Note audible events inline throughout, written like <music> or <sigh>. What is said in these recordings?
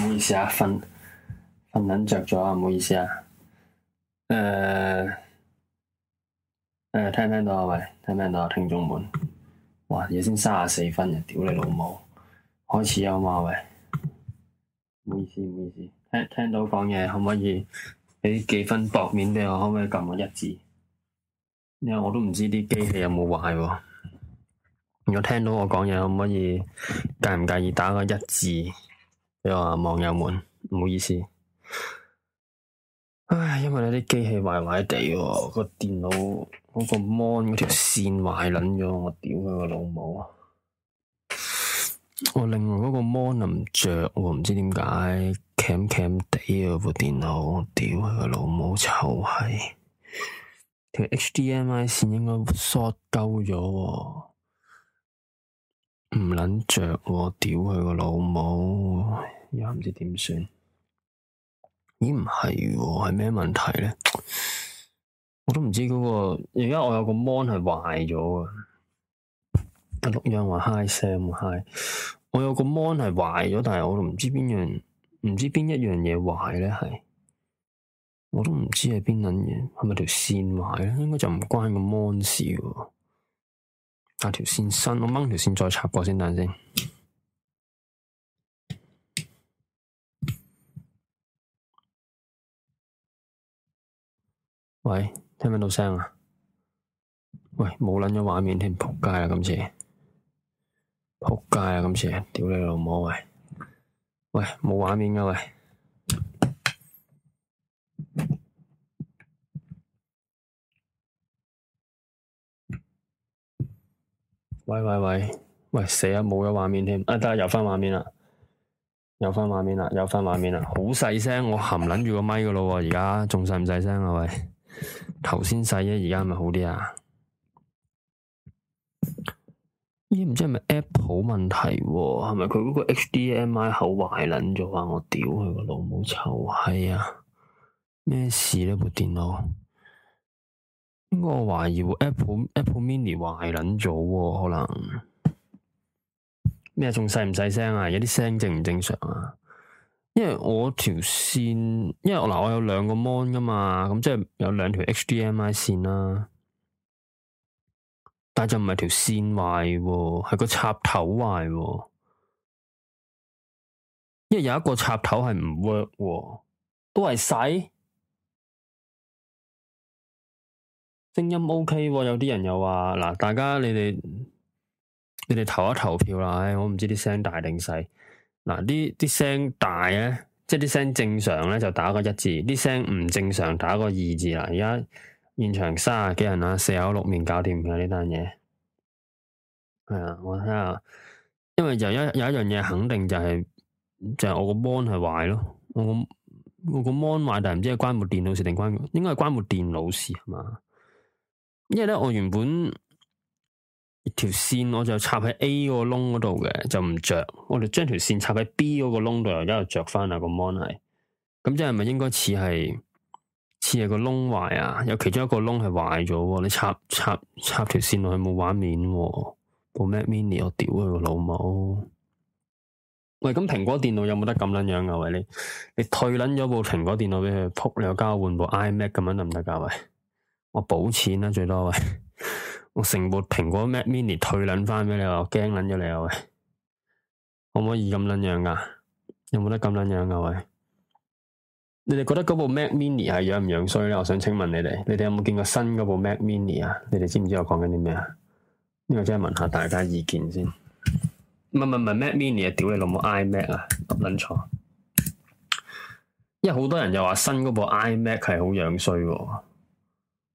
唔好意思啊，瞓瞓緊着咗啊，唔好意思啊。誒、呃、誒、呃，聽唔聽到啊？喂，聽唔聽到啊？聽眾們，哇，夜先三十四分，啊，屌你老母，開始啊嘛喂。唔好意思，唔好意思，聽聽到講嘢可唔可以俾幾分薄面我，可唔可以撳個一字？因為我都唔知啲機器有冇壞，啊。如果聽到我講嘢，可唔可以介唔介意打個一字？你話、啊、網友們唔好意思，唉，因為你啲機器壞壞地喎，個電腦嗰、個 mon 條線壞撚咗，我屌佢個老母！啊！我另外嗰個 mon 唔着，唔知點解鉗鉗地啊部電腦，屌佢個老母，臭閪！條、那個、HDMI 線應該 short 鳩咗喎。唔捻着、啊，我屌佢個老母，又唔知點算？咦，唔係喎，係咩問題咧？我都唔知嗰、嗰個，而家我有個 mon 係壞咗啊！錄音話 high 聲 high 我有個 mon 係壞咗，但係我，我都唔知邊樣，唔知邊一樣嘢壞咧，係我都唔知係邊撚嘢，係咪條線壞咧？應該就唔關個 mon 事的。搭條、啊、線新，我掹條線再插過先，等陣先。喂，聽唔聽到聲啊？喂，冇撚咗畫面添，仆街啦今次，仆街啊今次，屌你老母喂，喂冇畫面噶喂。喂喂喂喂，喂死啊！冇咗畫面添，啊得又有翻畫面啦，又翻畫面啦，又翻畫面啦，好細聲，我含撚住個麥噶咯，而家仲細唔細聲啊？喂，頭先細啊，而家係咪好啲啊？咦？唔知係咪 Apple 問題、喎？係咪佢嗰個 HDMI 口壞撚咗啊？我屌佢個老母臭閪啊！咩、哎、事咧？部電腦？我懷疑 apple apple mini 壞撚咗喎，可能咩仲細唔細聲啊？有啲聲正唔正常啊？因為我條線，因為我嗱我有兩個 mon 噶嘛，咁即係有兩條 HDMI 線啦喎。但就唔係條線壞喎，係個插頭壞喎。因為有一個插頭係唔 work，都係細。聲音 OK，、哦、有啲人又話嗱，大家你哋你哋投一投票啦，唉、哎，我唔知啲聲大定細。嗱，啲啲聲大咧，即係啲聲正常咧就打個一字，啲聲唔正常打個二字啦。而家現，現場卅幾人啦，四九六面搞掂嘅呢單嘢。係啊，我睇下，因為就一有一樣嘢肯定就係、是、就係、是、我個 mon 係壞咯，我我個 mon 壞，但係唔知係關部電腦事定關，應該係關部電腦事係嘛？因為咧，我原本條線我就插喺 A 個窿嗰度嘅，就唔着。我哋將條線插喺 B 嗰個窿度，而家又着翻啊個 Mon。咁即係咪應該似係似係個窿壞啊？有其中一個窿係壞咗。你插插插條線落去冇畫面，啊。部 Mac Mini，我屌佢個老母！喂，咁蘋果電腦有冇得咁捻樣啊？喂你，你退捻咗部蘋果電腦俾佢，扑你又交換部 iMac 咁樣得唔得噶？喂？我補錢啦，最多喂！我成部蘋果 Mac Mini 退捻翻畀你，我驚捻咗你啊喂！可唔可以咁撚樣噶？有冇得咁撚樣噶喂？你哋覺得嗰部 Mac Mini 係樣唔樣衰咧？我想請問你哋，你哋有冇見過新嗰部 Mac Mini 啊？你哋知唔知我講緊啲咩啊？呢個真係問下大家意見先。唔唔唔，Mac Mini 啊，屌你老母 iMac 啊，揼撚錯。因為好多人又話新嗰部 iMac 係好樣衰。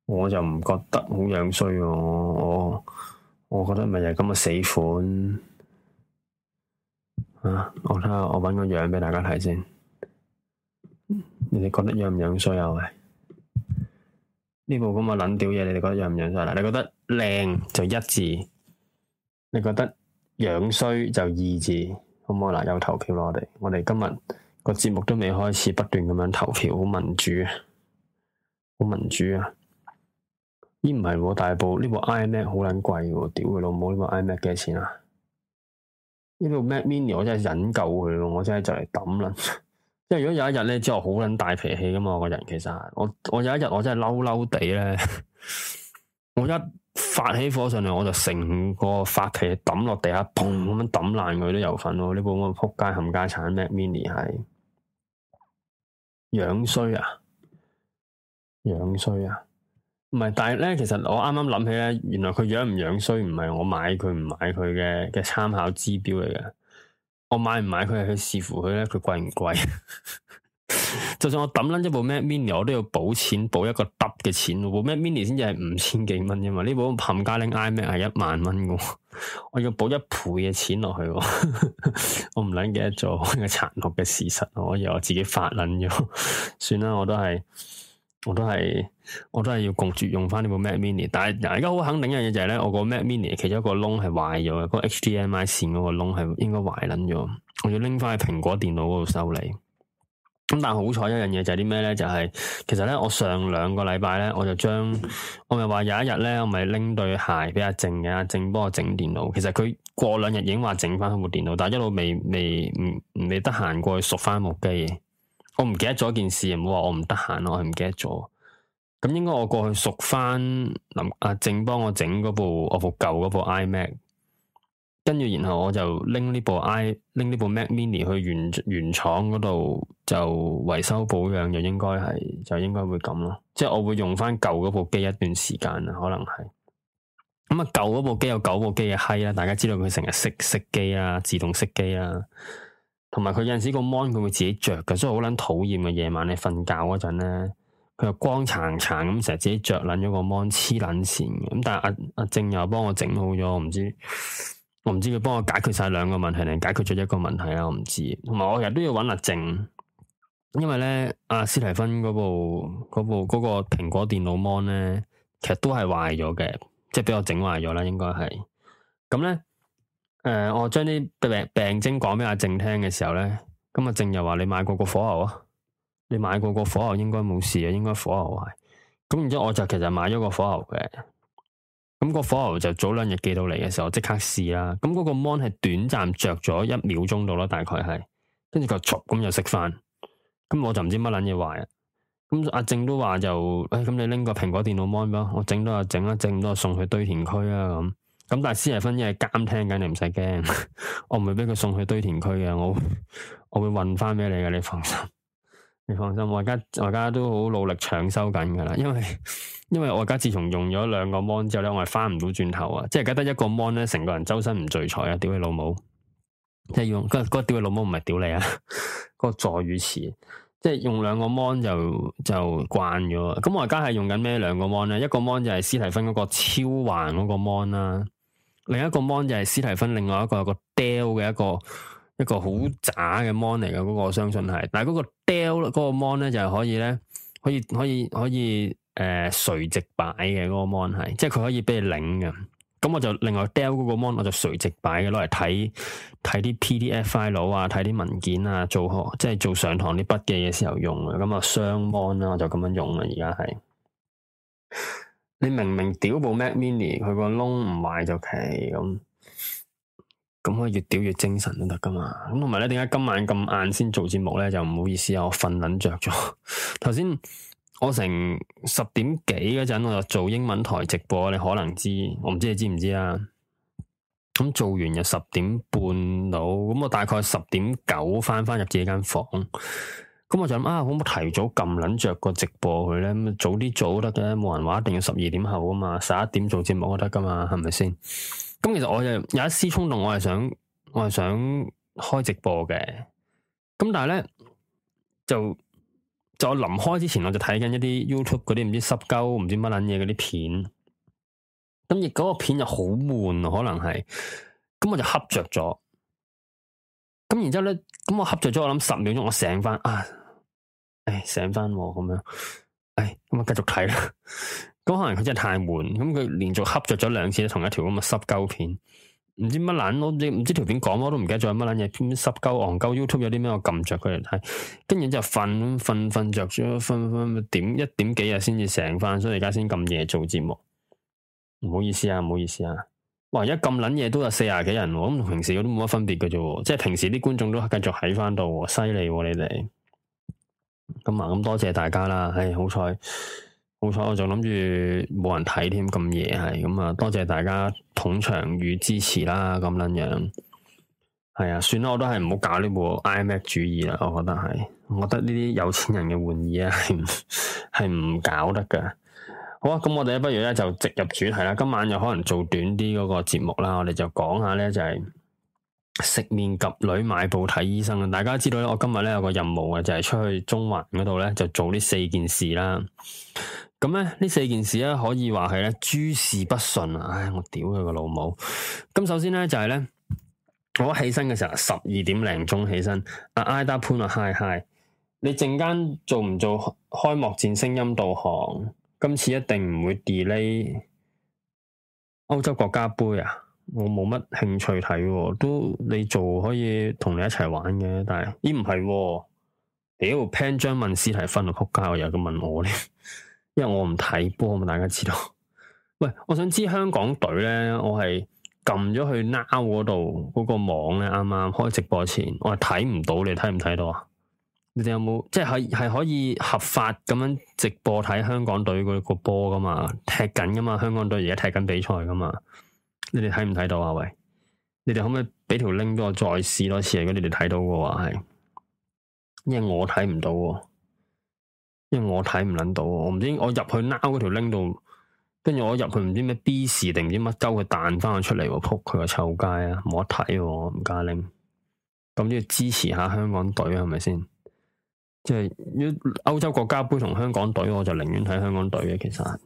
我就唔覺得好樣衰，我我我覺得咪就係咁嘅死款啊！我睇下我揾個樣俾大家睇先。你哋覺得樣唔樣衰啊，喂？呢部咁嘅撚屌嘢，你哋覺得樣唔樣衰啦？你覺得靚就一字，你覺得樣衰就二字，好唔好嗱，有投票啦，我哋我哋今日個節目都未開始，不斷咁樣投票，好民主啊，好民主啊！依唔係喎，大部呢部 iMac 好撚貴喎，屌佢老母，呢部 iMac 幾多錢啊？呢部 Mac Mini 我真係忍夠佢咯，我真係就嚟抌啦。 <laughs> 因為如果有一日咧，我好撚大脾氣噶嘛，我個人其實我我有一日我真係嬲嬲地咧， <laughs> 我一發起火上嚟我就成個發脾抌落地下，砰咁樣抌爛佢都有份咯。呢部我嘅撲街冚家鏟 Mac Mini 係樣衰啊，樣衰啊！唔係，但係咧，其實我啱啱諗起咧，原來佢養唔養衰，唔係我買佢唔買佢嘅嘅參考指標嚟嘅。我買唔買佢係去視乎佢咧，佢貴唔貴？ <laughs> 就算我抌撚一部 Mac Mini，我都要補錢補一個揼嘅錢。部 Mac Mini 先至係五千幾蚊啫嘛，呢部冚家拎 iMac 係一萬蚊嘅， <laughs> <laughs> 我要補一倍嘅錢落去。我唔捻記得咗呢個殘酷嘅事實，我以為我自己發捻咗， <laughs> 算啦，我都係，我都係。我都係要焗住用翻呢部 Mac Mini，但係而家好肯定一樣嘢，就係咧，我個 Mac Mini 其中一個窿係壞咗嘅，個 HDMI 線嗰個窿係應該壞撚咗，我要拎翻去蘋果電腦嗰度修理。咁但係好彩一樣嘢就係啲咩咧？就係、是、其實咧，我上兩個禮拜咧，我就將我咪話有一日咧，我咪拎對鞋俾阿靜嘅，阿靜幫我整電腦。其實佢過兩日已經話整翻部電腦，但係一路未未唔未得閒過去熟翻部機。我唔記得咗件事，唔好話我唔得閒，我係唔記得咗。咁應該我過去贖翻林阿靜幫我整嗰部我部舊嗰部 iMac，跟住然後我就拎呢部 i 拎呢部 Mac Mini 去原原廠嗰度就維修保養就應該係就應該會咁咯，即係我會用翻舊嗰部機一段時間啊，可能係咁啊舊嗰部機有九部機嘅閪啦，大家知道佢成日熄熄機啊，自動熄機啊，同埋佢有陣時個 mon 佢會自己着嘅，所以好撚討厭嘅夜晚你瞓覺嗰陣咧。佢又光殘殘咁成日自己着捻咗個芒黐捻線嘅，咁但係阿阿靜又幫我整好咗，我唔知我唔知佢幫我解決晒兩個問題定解決咗一個問題啦，我唔知。同埋我日都要揾阿靜，因為咧阿、啊、斯提芬嗰部嗰部嗰、嗰個蘋果電腦 mon 咧，其實都係壞咗嘅，即係俾我整壞咗啦，應該係。咁咧，誒、呃，我將啲病病徵講俾阿靜聽嘅時候咧，咁阿靜又話你買過個火牛啊？你買過個火牛應該冇事嘅，應該火牛壞。咁然之後我就其實買咗個火牛嘅，咁個火牛就早兩日寄到嚟嘅時候即刻試啦。咁嗰、那個芒係短暫着咗一秒鐘到啦，大概係，跟住佢燭咁就熄翻。咁我就唔知乜撚嘢壞啊。咁阿正都話就，誒、哎、咁你拎個蘋果電腦芒俾我整多又整啦，整唔多送去堆填區啦、啊、咁。咁但係施麗芬一係監聽緊你，唔使驚，我唔會俾佢送去堆填區嘅，我我會運翻俾你嘅，你放心。你放心，我而家我而家都好努力搶收緊噶啦，因為因為我而家自從用咗兩個 mon 之後咧，我係翻唔到轉頭了啊！即係而家得一個 mon 咧，成個人周身唔聚財啊！屌你老母！即係用嗰屌你老母唔係屌你啊！ <laughs> 個助語詞，即係用兩個 mon 就就慣咗。咁我而家係用緊咩兩個 mon 咧？一個 mon 就係斯提芬嗰個超幻嗰個 mon 啦，另一個 mon 就係斯提芬另外一個有一個 Dell 嘅一個。一個好渣嘅 mon 嚟嘅嗰個，我相信係，但係嗰個 Dell 嗰個 mon 咧就係可以咧，可以可以可以誒、呃、垂直擺嘅嗰個 mon 係，即係佢可以俾你領嘅。咁我就另外 Dell 嗰個 mon，我就垂直擺嘅，攞嚟睇睇啲 PDF file 啊，睇啲文件啊，做學即係做上堂啲筆記嘅時候用嘅。咁啊雙 mon 啦，我就咁樣用啦，而家係。你明明屌部 Mac Mini，佢個窿唔壞就奇咁。咁我越屌越精神都得噶嘛，咁同埋咧，點解今晚咁晏先做節目咧？就唔好意思啊，我瞓撚着咗。頭 <laughs> 先我成十點幾嗰陣，我又做英文台直播，你可能知，我唔知你知唔知啊？咁、嗯、做完又十點半到，咁、嗯、我大概十點九翻翻入自己間房。咁、嗯、我就諗啊，可唔可以提早撳撚着個直播佢咧？咁早啲做都得嘅，冇人話一定要十二點後啊嘛，十一點做節目都得噶嘛，係咪先？咁其實我就有一絲衝動我，我係想我係想開直播嘅。咁但係咧就就我臨開之前，我就睇緊一啲 YouTube 嗰啲唔知濕鳩唔知乜捻嘢嗰啲片。咁亦嗰個片就好悶，可能係。咁我就恰着咗。咁然之後咧，咁我恰着咗，我諗十秒鐘，我醒翻啊，誒醒翻咁樣，誒咁我繼續睇啦。咁可能佢真係太悶，咁佢連續瞌着咗兩次，同一條咁嘅濕鳩片，唔知乜撚，我唔知唔知條片講，我都唔記得咗乜撚嘢，偏偏濕鳩戇鳩 YouTube 有啲咩我撳着佢嚟睇，跟住就瞓瞓瞓著咗，瞓瞓點一點幾啊先至醒翻，所以而家先咁夜做節目，唔好意思啊，唔好意思啊，哇而家咁撚嘢都有四十幾人，我咁同平時我都冇乜分別嘅啫，即係平時啲觀眾都繼續喺翻度，犀利你哋，咁啊咁多謝大家啦，唉、哎、好彩。冇錯，我就諗住冇人睇添，咁夜係咁啊！多謝大家捧場與支持啦，咁樣樣係啊，算啦，我都係唔好搞呢部 iMac 主意啦，我覺得係，我覺得呢啲有錢人嘅玩意啊，係唔係唔搞得噶？好啊，咁我哋咧，不如咧就直入主題啦，今晚又可能做短啲嗰個節目啦，我哋就講下咧就係食麵昅女買布睇醫生啊！大家知道咧，我今日咧有個任務嘅，就係、是、出去中環嗰度咧就做呢四件事啦。咁咧，呢四件事咧，可以話係咧諸事不順啊！唉，我屌佢個老母！咁首先咧，就係、是、咧，我起身嘅時候十二點零鐘起身，阿 Ida 挨打潘啊，啊嗨嗨！你陣間做唔做開幕戰聲音導航？今次一定唔會 delay 歐洲國家杯啊！我冇乜興趣睇，都你做可以同你一齊玩嘅，但係咦？唔係？屌潘張問屍體分度曲街，又咁問我咧？因為我唔睇波，嘛，大家知道。喂，我想知香港隊咧，我係撳咗去 Now 嗰度嗰個網咧，啱啱開直播前，我係睇唔到，你睇唔睇到啊？你哋有冇即係係可以合法咁樣直播睇香港隊嗰個波噶嘛？踢緊噶嘛？香港隊而家踢緊比賽噶嘛？你哋睇唔睇到啊？喂，你哋可唔可以俾條 link 俾我再試多次？如果你哋睇到嘅話係，因為我睇唔到。即係我睇唔捻到，我唔知我入去 Now 嗰條 link 度，跟住我入去唔知咩 B 市定唔知乜州，佢彈翻佢出嚟喎，撲佢個臭街啊！冇得睇喎，唔加 link，咁要支持下香港隊啊，係咪先？即係如果歐洲國家杯同香港隊，我就寧願睇香港隊嘅其實，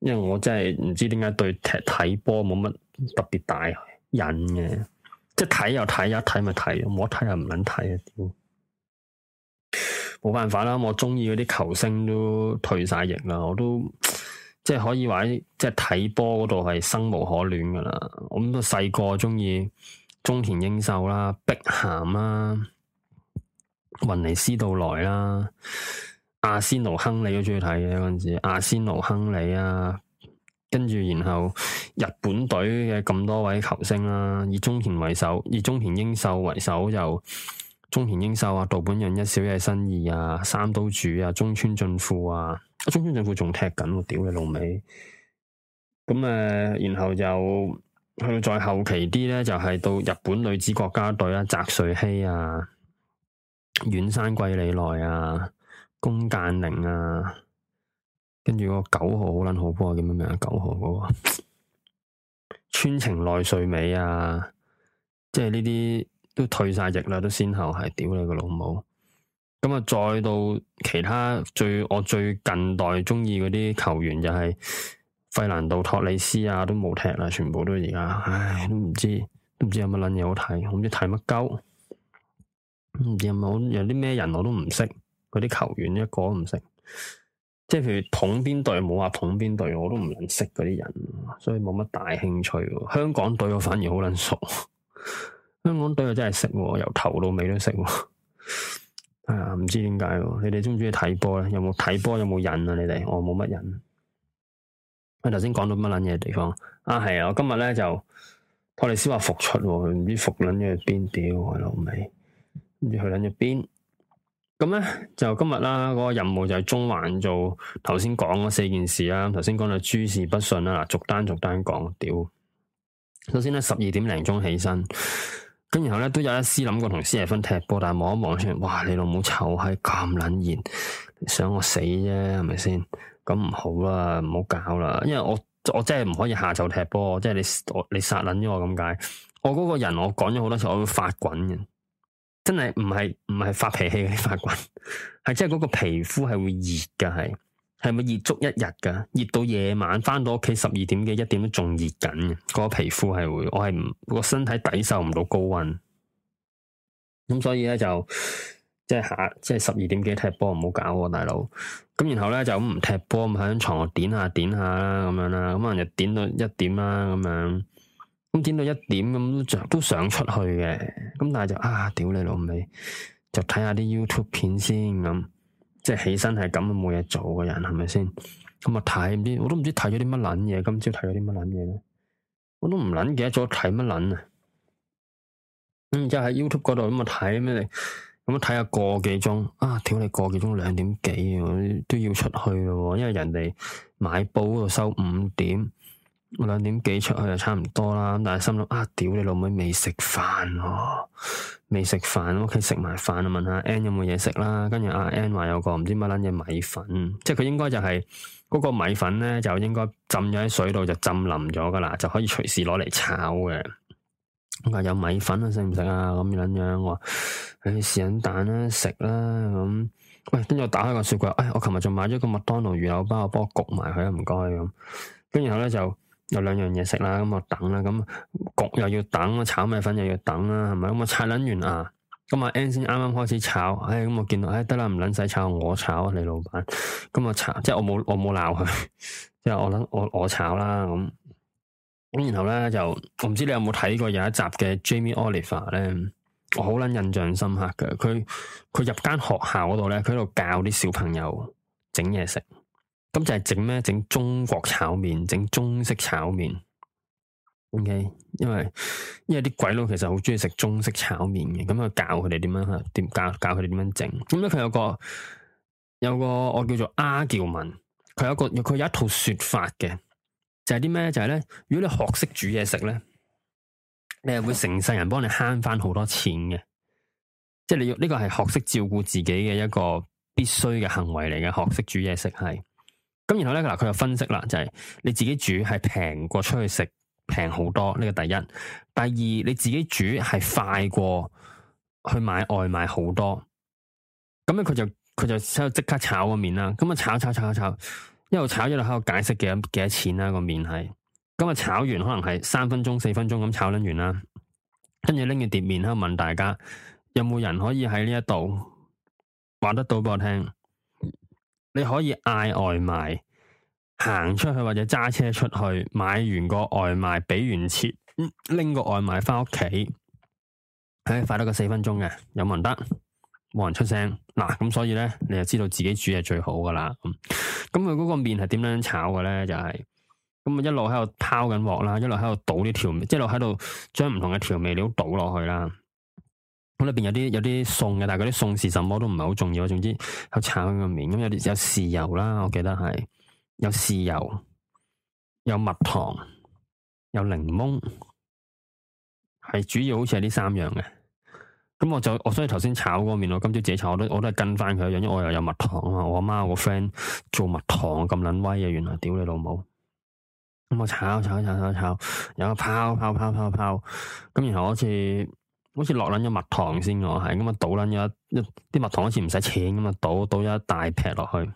因為我真係唔知點解對踢睇波冇乜特別大癮嘅，即係睇又睇一睇咪睇，冇得睇又唔捻睇啊！冇辦法啦，我中意嗰啲球星都退晒役啦，我都即係可以話即係睇波嗰度係生無可戀噶啦。我咁都細個中意中田英壽啦、碧咸啦、啊、雲尼斯道萊啦、阿仙奴亨利都中意睇嘅嗰陣時，阿仙奴亨利啊，跟住然後日本隊嘅咁多位球星啦、啊，以中田為首，以中田英壽為首就。中田英壽啊，渡邊潤一，小野伸二啊，三都主啊，中村俊輔啊，啊，中村俊輔仲踢緊、啊、喎，屌你老味。咁誒、呃，然後就去到再後期啲咧，就係、是、到日本女子國家隊啊，澤穗希啊，遠山桂里奈啊，宮間玲啊，跟住嗰個九號好捻好波，叫咩名啊？九號嗰、那個川澄奈穗美啊，即係呢啲。都退晒役啦，都先後係屌你個老母！咁啊，再到其他最我最近代中意嗰啲球員就係費南度托里斯啊，都冇踢啦，全部都而家，唉，都唔知都唔知有乜撚嘢好睇，我唔知睇乜鳩，唔知有冇有啲咩人我都唔識，嗰啲球員一個都唔識，即係譬如捧邊隊冇話捧邊隊，我都唔撚識嗰啲人，所以冇乜大興趣。香港隊我反而好捻熟。香港隊又真係食，由頭到尾都食。係。 <laughs> 啊、哎，唔知點解？你哋中唔中意睇波咧？有冇睇波？有冇癮啊？你哋？我冇乜癮。我頭先講到乜捻嘢地方？啊，係啊！我今日咧就托利先話復出，唔知復捻咗邊屌喺老味，跟住去捻咗邊。咁咧就今日啦，嗰，那個任務就係中環做頭先講嗰四件事啦，啊。頭先講到諸事不順啦，嗱、啊，逐單逐單講屌。首先咧，十二點零鐘起身。 <laughs> 跟然後咧都有一絲諗過同師爺芬踢波，但係望一望出嚟，哇！你老母臭閪咁撚熱，想我死啫係咪先？咁唔好啦，唔好搞啦，因為我我真係唔可以下晝踢波，即係你你殺撚咗我咁解。我嗰個人，我講咗好多次，我會發滾嘅，真係唔係唔係發脾氣，發滾係 <laughs> 真係嗰個皮膚係會熱嘅係。係咪熱足一日噶？熱到夜晚翻到屋企十二點幾一點都仲熱緊嘅，個皮膚係會，我係唔，個身體抵受唔到高溫。咁所以咧就即係下即係十二點幾踢波唔好搞喎，大佬。咁然後咧就唔踢波，咁喺張牀度點下點下啦，咁樣啦。咁可能就點到一點啦，咁樣。咁點到一點咁都想都想出去嘅，咁但係就啊，屌你老味，就睇下啲 YouTube 片先咁。即係起身係咁冇嘢做嘅人，係咪先？咁啊睇唔知，我都唔知睇咗啲乜撚嘢。今朝睇咗啲乜撚嘢咧？我都唔撚記得咗睇乜撚啊！咁然之後喺 YouTube 嗰度咁啊睇咩嚟？咁啊睇下個幾鐘啊！屌你個幾鐘兩點幾，我都要出去咯。因為人哋買布度收五點。我兩點幾出去就差唔多啦，咁但係心諗啊，屌你老妹飯，啊，未食飯，未食飯，屋企食埋飯啊，問下 Ann 有冇嘢食啦，跟住阿 Ann 話有個唔知乜撚嘢米粉，即係佢應該就係嗰個米粉咧，就應該浸咗喺水度就浸腍咗噶啦，就可以隨時攞嚟炒嘅。咁啊有米粉啊，食唔食啊咁樣樣，我誒試下蛋、啊、啦食啦咁，喂，跟住我打開雪櫃，哎、我個雪櫃，誒我琴日仲買咗個麥當勞魚柳包，我幫我焗埋佢啊唔該咁，跟住後咧就。有兩樣嘢食啦，咁我等啦，咁焗又要等，炒米粉又要等啦，係咪？咁我刷捻完牙，咁啊 An 先啱啱開始炒，唉、哎，咁我見到，唉、哎，得啦，唔捻使炒，我炒啊，你老闆，咁我炒，即係我冇我冇鬧佢，即係我諗我我炒啦，咁咁然後咧就，我唔知你有冇睇過有一集嘅 Jamie Oliver 咧，我好捻印象深刻㗎，佢佢入間學校嗰度咧，佢喺度教啲小朋友整嘢食。咁就係整咩？整中國炒麵，整中式炒麵。OK，因為因為啲鬼佬其實好中意食中式炒麵嘅，咁啊教佢哋點樣吓，點教教佢哋點樣整。咁咧佢有個有個我叫做阿叫文，佢有個佢有一套說法嘅，就係啲咩？就係咧，如果你學識煮嘢食咧，你係會成世人幫你慳翻好多錢嘅。即係你要呢個係學識照顧自己嘅一個必須嘅行為嚟嘅，學識煮嘢食係。咁然後咧嗱，佢就分析啦，就係、是、你自己煮係平過出去食平好多，呢、這個第一。第二，你自己煮係快過去買外賣好多。咁咧，佢就佢就即刻炒個麵啦。咁啊，炒炒炒炒，一路炒一路喺度解釋幾多幾多錢啦個麵係。咁啊，炒完可能係三分鐘四分鐘咁炒捻完啦。跟住拎住碟麵喺度問大家，有冇人可以喺呢一度話得到俾我聽？你可以嗌外賣，行出去或者揸車出去，買完個外賣，俾完錢，拎個外賣翻屋企，誒、欸，快得個四分鐘嘅，有冇人得？冇人出聲嗱，咁、啊、所以咧，你就知道自己煮係最好噶啦。咁、嗯，咁佢嗰個麵係點樣炒嘅咧？就係咁啊，一路喺度拋緊鑊啦，一路喺度倒啲調味，即係一路喺度將唔同嘅調味料倒落去啦。咁裏邊有啲有啲餸嘅，但係嗰啲餸是什麼都唔係好重要。總之，有炒嗰個麵，咁有有豉油啦，我記得係有豉油、有蜜糖、有檸檬，係主要好似係呢三樣嘅。咁我就，我所以頭先炒嗰個麵，我今朝自己炒，我都我都係跟翻佢嘅樣，因為我又有蜜糖啊嘛。我阿媽我個 friend 做蜜糖咁捻威啊，原來屌你老母咁我炒炒炒炒炒，有個拋拋拋拋拋，咁然後好似。 <music> 好似落捻咗蜜糖先嘅，係咁啊倒捻咗一啲蜜糖，蜜糖好似唔使錢咁啊倒倒咗一大劈落去，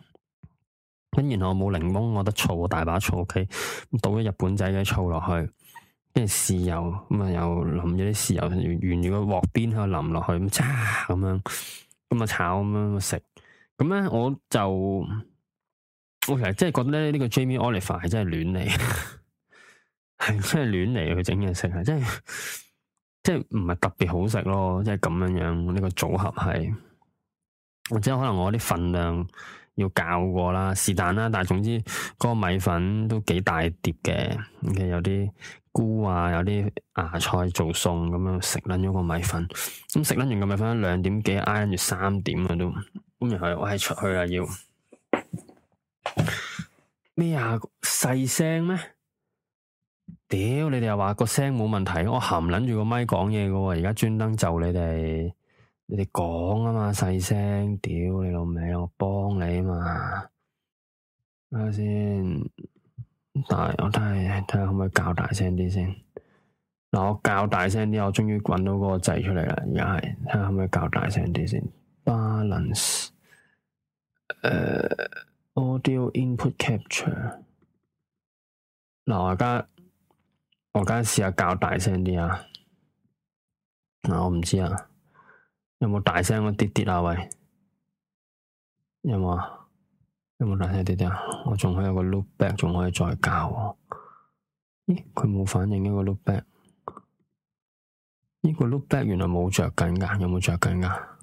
咁然後冇檸檬，我得醋大把醋，OK 倒咗日本仔嘅醋落去，跟住豉油咁啊又淋咗啲豉油沿沿住個鑊邊度淋落去，咁渣咁樣咁啊炒咁樣食，咁咧我就我其實真係覺得咧呢個 Jamie Oliver 係真係亂嚟，係 <laughs> 真係亂嚟，佢整嘢食係真係。真即係唔係特別好食咯，即係咁樣樣呢、呢個組合係，或者可能我啲份量要教過啦，是但啦。但係總之嗰個米粉都幾大碟嘅，咁嘅有啲菇啊，有啲芽菜做餸咁樣食，捻咗個米粉，咁食捻完個米粉兩點幾，挨住三點啊都，咁然後我係出去啊，要咩啊細聲咩？屌，你哋又話個聲冇問題，我含撚住個麥講嘢嘅，而家專登就你哋，你哋講啊嘛細聲，屌你老味，我幫你啊嘛，睇下先。但係我睇下睇下可唔可以較大聲啲先。嗱、呃，我較大聲啲，我終於揾到嗰個掣出嚟啦，而家係睇下可唔可以較大聲啲先。Balance，Audio Input Capture。嗱，我而家。我而家試下校大聲啲啊！嗱、啊，我唔知啊，有冇大聲一啲啲啊？喂，有冇啊？有冇大聲啲啲啊？我仲可以個 loopback，仲可以再校。咦？佢冇反應呢個 loopback，呢個 loopback 原來冇着緊噶，有冇着緊噶？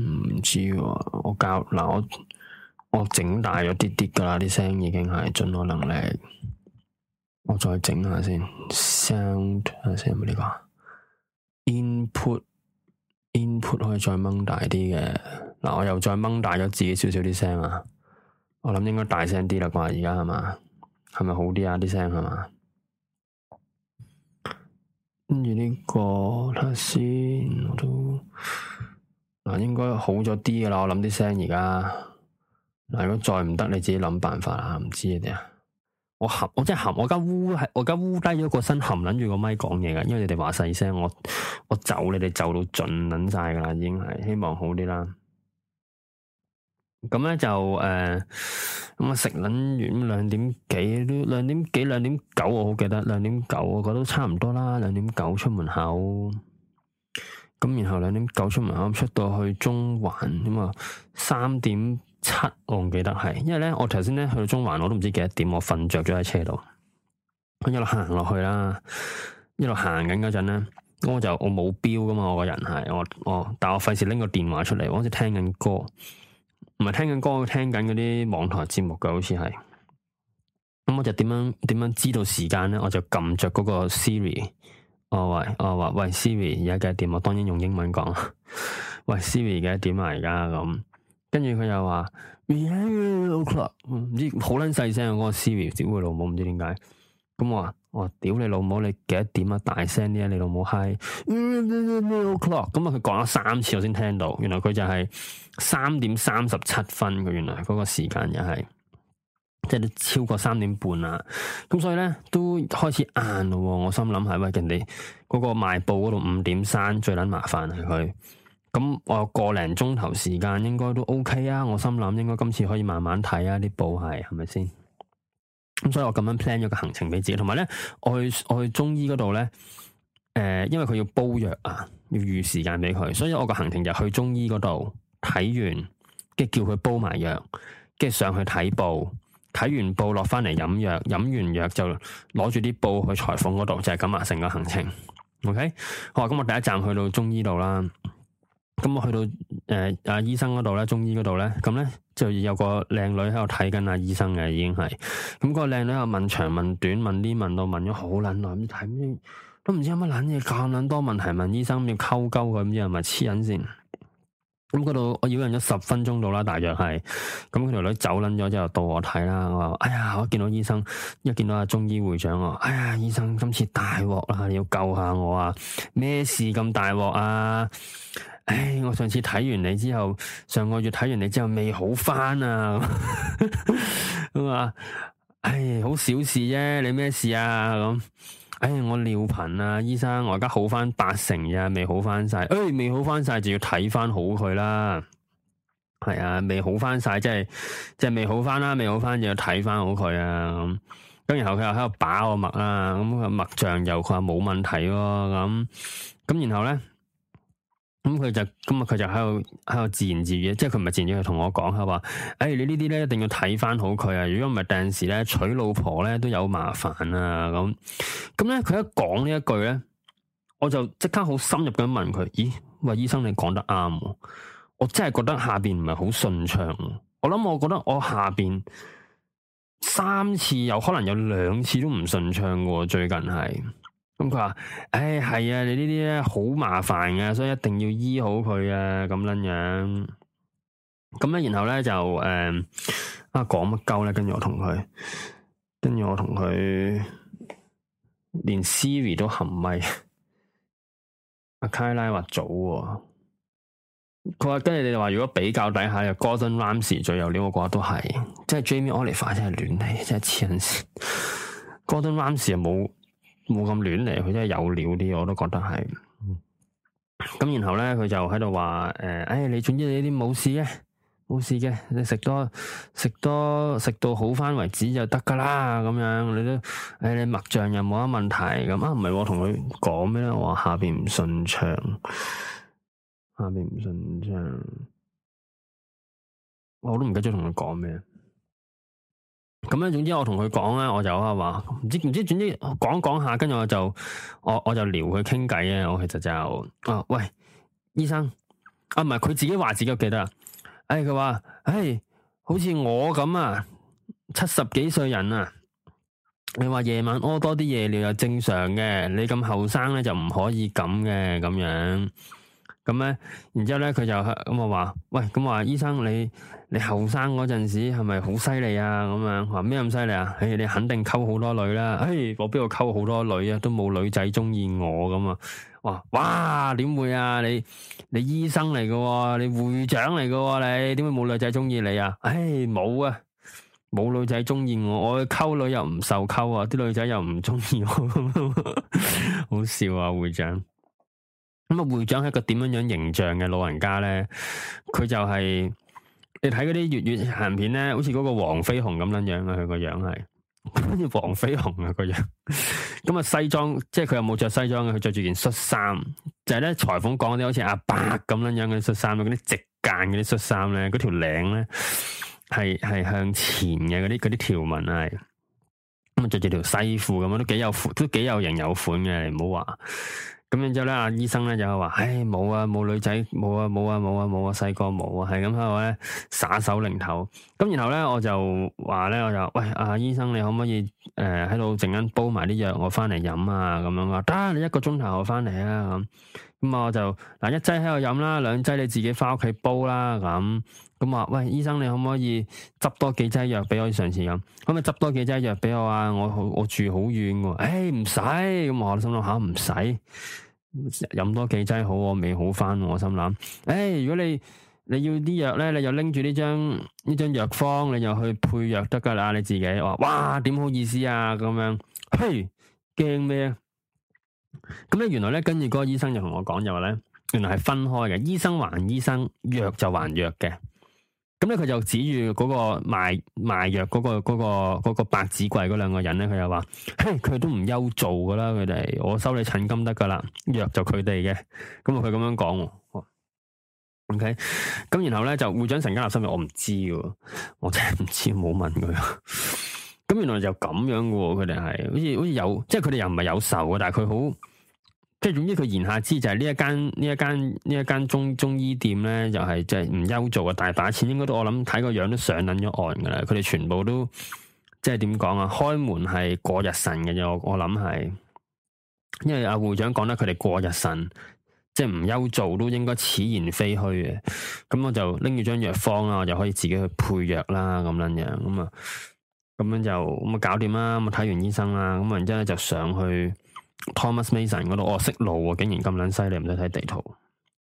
唔知喎，我教嗱我我整大咗啲啲噶啦，啲聲已經係盡我能力。我再整下先，sound 啊先，呢個 input input 可以再掹大啲嘅嗱，我又再掹大咗自己少少啲聲啊，我諗應該大聲啲啦啩，而家係嘛，係咪好啲啊啲聲係嘛？跟住呢個睇下先，我都嗱應該好咗啲嘅啦，我諗啲聲而家嗱，如果再唔得，你自己諗辦法啊，唔知你哋啊。我含我真係含，我而家烏係我而家烏低咗個身，含撚住個麥講嘢噶，因為你哋話細聲，我我走你哋就到盡撚晒噶啦，已經係希望好啲啦。咁咧就誒，咁啊食撚完兩點幾，都兩點幾兩點九，我好記得，兩點九，我覺得都差唔多啦。兩點九出門口，咁然後兩點九出門口，出到去中環咁啊三點。七我唔記得係，因為咧我頭先咧去到中環我都唔知幾多點，我瞓着咗喺車度，咁一路行落去啦，一路行緊嗰陣咧，咁我就我冇表噶嘛，我個人係我我，但我費事拎個電話出嚟，我好似聽緊歌，唔係聽緊歌，我聽緊嗰啲網台節目噶，好似係，咁、嗯、我就點樣點樣知道時間咧？我就撳着嗰個 Siri，哦、喂我喂 Siri，我話我話喂 Siri 而家幾多點？我當然用英文講，喂 Siri 幾多點啊？而家咁。跟住佢又話，me o'clock 唔知好捻細聲，我個 Siri 屌佢老母唔知點解。咁我話我屌你老母，你幾多點啊？大聲啲啊！你老母閪，me o'clock 咁啊，佢講咗三次我先聽到，原來佢就係三點三十七分。佢原來嗰個時間又係，即係都超過三點半啦。咁所以咧都開始晏咯。我心諗係喂，人哋嗰個賣布嗰度五點三，最捻麻煩係佢。咁、嗯、我個零鐘頭時間應該都 OK 啊。我心諗應該今次可以慢慢睇啊。啲布係係咪先咁？所以我咁樣 plan 咗個行程俾自己，同埋咧，我去我去中醫嗰度咧。誒、呃，因為佢要煲藥啊，要預時間俾佢，所以我行、就是、個行程就去中醫嗰度睇完，即叫佢煲埋藥，跟住上去睇布，睇完布落翻嚟飲藥，飲完藥就攞住啲布去裁縫嗰度，就係咁啊。成個行程 OK。好，咁我第一站去到中醫度啦。咁我去到誒阿、呃啊、醫生嗰度咧，中醫嗰度咧，咁咧就有個靚女喺度睇緊阿醫生嘅，已經係咁嗰個靚女又問長問短問啲問到問咗好卵耐，唔知睇咩，都唔知有乜卵嘢咁卵多問題問醫生，要溝溝佢，唔知係咪黐人先。咁嗰度我擾人咗十分鐘到啦，大約係。咁佢條女走撚咗之後到我睇啦，我話哎呀，我一見到醫生，一見到阿中醫會長我，哎呀，醫生今次大鑊啦，你要救下我啊，咩事咁大鑊啊？唉，我上次睇完你之後，上個月睇完你之後未好翻啊，咁啊，唉，好小事啫，你咩事啊？咁，唉，我尿頻啊，醫生，我而家好翻八成咋，未好翻晒，唉，未好翻晒就要睇翻好佢啦。係啊，未好翻晒，即係即係未好翻啦，未好翻就要睇翻好佢啊。咁，咁然後佢又喺度把我脈啦，咁個脈象又佢話冇問題喎，咁，咁然後咧。咁佢、嗯、就咁啊！佢、嗯、就喺度喺度自言自語，即係佢唔係自然自去同我講，佢話：，誒，你呢啲咧一定要睇翻好佢啊！如果唔係定時咧娶老婆咧都有麻煩啊！咁咁咧，佢一講呢一句咧，我就即刻好深入咁問佢：，咦，喂，醫生你講得啱，我真係覺得下邊唔係好順暢。我諗我覺得我下邊三次有可能有兩次都唔順暢喎，最近係。咁佢話：，唉，係、哎、啊，你呢啲咧好麻煩嘅，所以一定要醫好佢啊，咁樣樣。咁咧，然後咧就誒、嗯，啊，講乜鳩咧？跟住我同佢，跟住我同佢，連 Siri 都含咪。阿卡伊拉話早喎、哦，佢話跟住你哋話，如果比較底下嘅 Gordon Ramsay 最有料，我覺得都係，即係 Jamie Oliver 真係亂嚟，真係黐線。 <laughs> Gordon Ramsay 又冇。冇咁亂嚟，佢真係有料啲，我都覺得係。咁、嗯、然後咧，佢就喺度話：，誒、呃，誒、哎，你總之你啲冇事嘅，冇事嘅，你食多食多食到好翻為止就得㗎啦。咁樣你都，誒、哎，你麥醬又冇乜問題。咁啊，唔係、啊，我同佢講咩咧？我下邊唔順暢，下邊唔順暢，我都唔記得咗同佢講咩。咁咧，總之說說說說我同佢講啦，我就係話唔知唔知，總之講講下，跟住我就我我就撩佢傾偈啊！我其實就啊，喂，醫生啊，唔係佢自己話自己記得，哎，佢話哎，好似我咁啊，七十幾歲人啊，你話夜晚屙多啲夜尿又正常嘅，你咁後生咧就唔可以咁嘅咁樣。咁咧，然之後咧，佢就咁我話，喂，咁我話醫生你你後生嗰陣時係咪好犀利啊？咁樣話咩咁犀利啊？誒、哎，你肯定溝好多女啦。誒、哎，我邊度溝好多女啊？都冇女仔中意我咁啊？哇，哇，點會啊？你你醫生嚟㗎、啊，你會長嚟㗎、啊，你點會冇女仔中意你、哎、啊？誒，冇啊，冇女仔中意我，我溝女又唔受溝啊，啲女仔又唔中意我， <laughs> 好笑啊，會長。咁啊，會長係一個點樣樣形象嘅老人家咧？佢就係、是、你睇嗰啲粵語閒片咧，好似嗰個黃飛鴻咁樣樣嘅。佢個樣係好似黃飛鴻啊個樣。咁啊， <laughs> 啊 <laughs> 西裝，即係佢有冇着西裝嘅？佢着住件恤衫，就係、是、咧裁縫講啲，好似阿伯咁樣樣嘅恤衫，嗰啲直間嗰啲恤衫咧，嗰條領咧係係向前嘅，嗰啲嗰啲條紋係。咁啊， <laughs> 嗯、着住條西褲咁啊，都幾有款，都幾有型有款嘅，你唔好話。咁然之後咧，阿醫生咧就話，唉、哎，冇啊，冇女仔，冇啊，冇啊，冇啊，冇啊，細個冇啊，係咁喺度咧，撒手擰頭。咁然後咧，我就話咧，我就喂，阿、啊、醫生你可唔可以誒喺度陣間煲埋啲藥，我翻嚟飲啊？咁樣話，得，你一個鐘頭我翻嚟啊咁。咁我就嗱一劑喺度飲啦，兩劑你自己翻屋企煲啦咁。咁話喂，醫生你可唔可以執多幾劑藥俾我上次？咁啊可唔可以執多幾劑藥俾我，我，我，、欸、我啊！我好我住好遠嘅，誒唔使咁我心諗下，唔使飲多幾劑好，我未好翻，我心諗誒、欸，如果你你要啲藥咧，你就拎住呢張呢張藥方，你又去配藥得噶啦你自己。我話哇點好意思啊咁樣，嘿驚咩啊？咁咧原來咧跟住嗰個醫生就同我講就話咧，原來係分開嘅，醫生還醫生，藥就還藥嘅。咁咧，佢就指住嗰個賣賣藥嗰個、嗰個、嗰個、嗰個嗰個白紙櫃嗰兩個人咧，佢又話：嘿，佢都唔休做噶啦，佢哋我收你診金得噶啦，藥就佢哋嘅。咁啊，佢咁樣講，OK。咁然後咧就會長成家立室嘅，我唔知嘅，我真係唔知，冇問佢。咁 <laughs> 原來就咁樣嘅、啊，佢哋係好似好似有，即係佢哋又唔係有仇嘅，但係佢好。即係總之佢言下之意就係、是、呢一間呢一間呢一間中中醫店咧，就係即係唔憂做嘅，大把錢應該都我諗睇個樣都上緊咗岸噶啦。佢哋全部都即係點講啊？開門係過日神嘅嘢，我我諗係，因為阿、啊、會長講得佢哋過日神，即係唔憂做都應該此言非虛嘅。咁我就拎住張藥方啦，我就可以自己去配藥啦，咁樣樣咁啊，咁樣就咁啊搞掂啦，咁啊睇完醫生啦，咁啊然之後就上去。Thomas Mason 嗰度，我、哦、識路喎、啊，竟然咁撚犀利，唔使睇地圖。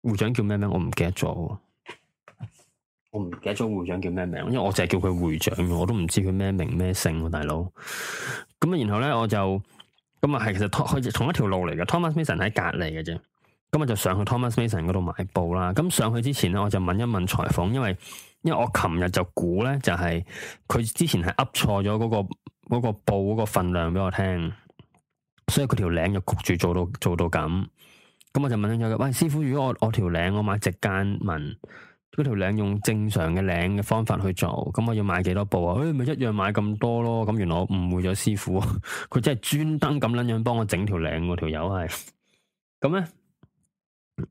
會長叫咩名？我唔記得咗。我唔記得咗會長叫咩名，因為我淨係叫佢會長嘅，我都唔知佢咩名咩姓喎、啊，大佬。咁啊，然後咧我就咁啊，係其實同一條路嚟嘅。Thomas Mason 喺隔籬嘅啫，咁我就上去 Thomas Mason 嗰度買布啦。咁上去之前咧，我就問一問裁縫，因為因為我琴日就估咧、就係，就係佢之前係噏錯咗嗰個嗰、嗰個布嗰個分量俾我聽。所以佢條領就焗住，做到做到咁，咁、嗯、我就問咗佢，喂，師傅，如果我我條領我買直間紋，嗰條領用正常嘅領嘅方法去做，咁、嗯、我要買幾多布啊？誒、欸，咪一樣買咁多咯。咁原來我誤會咗師傅，佢 <laughs> 真係專登咁撚樣幫我整條領喎，條友係。咁咧，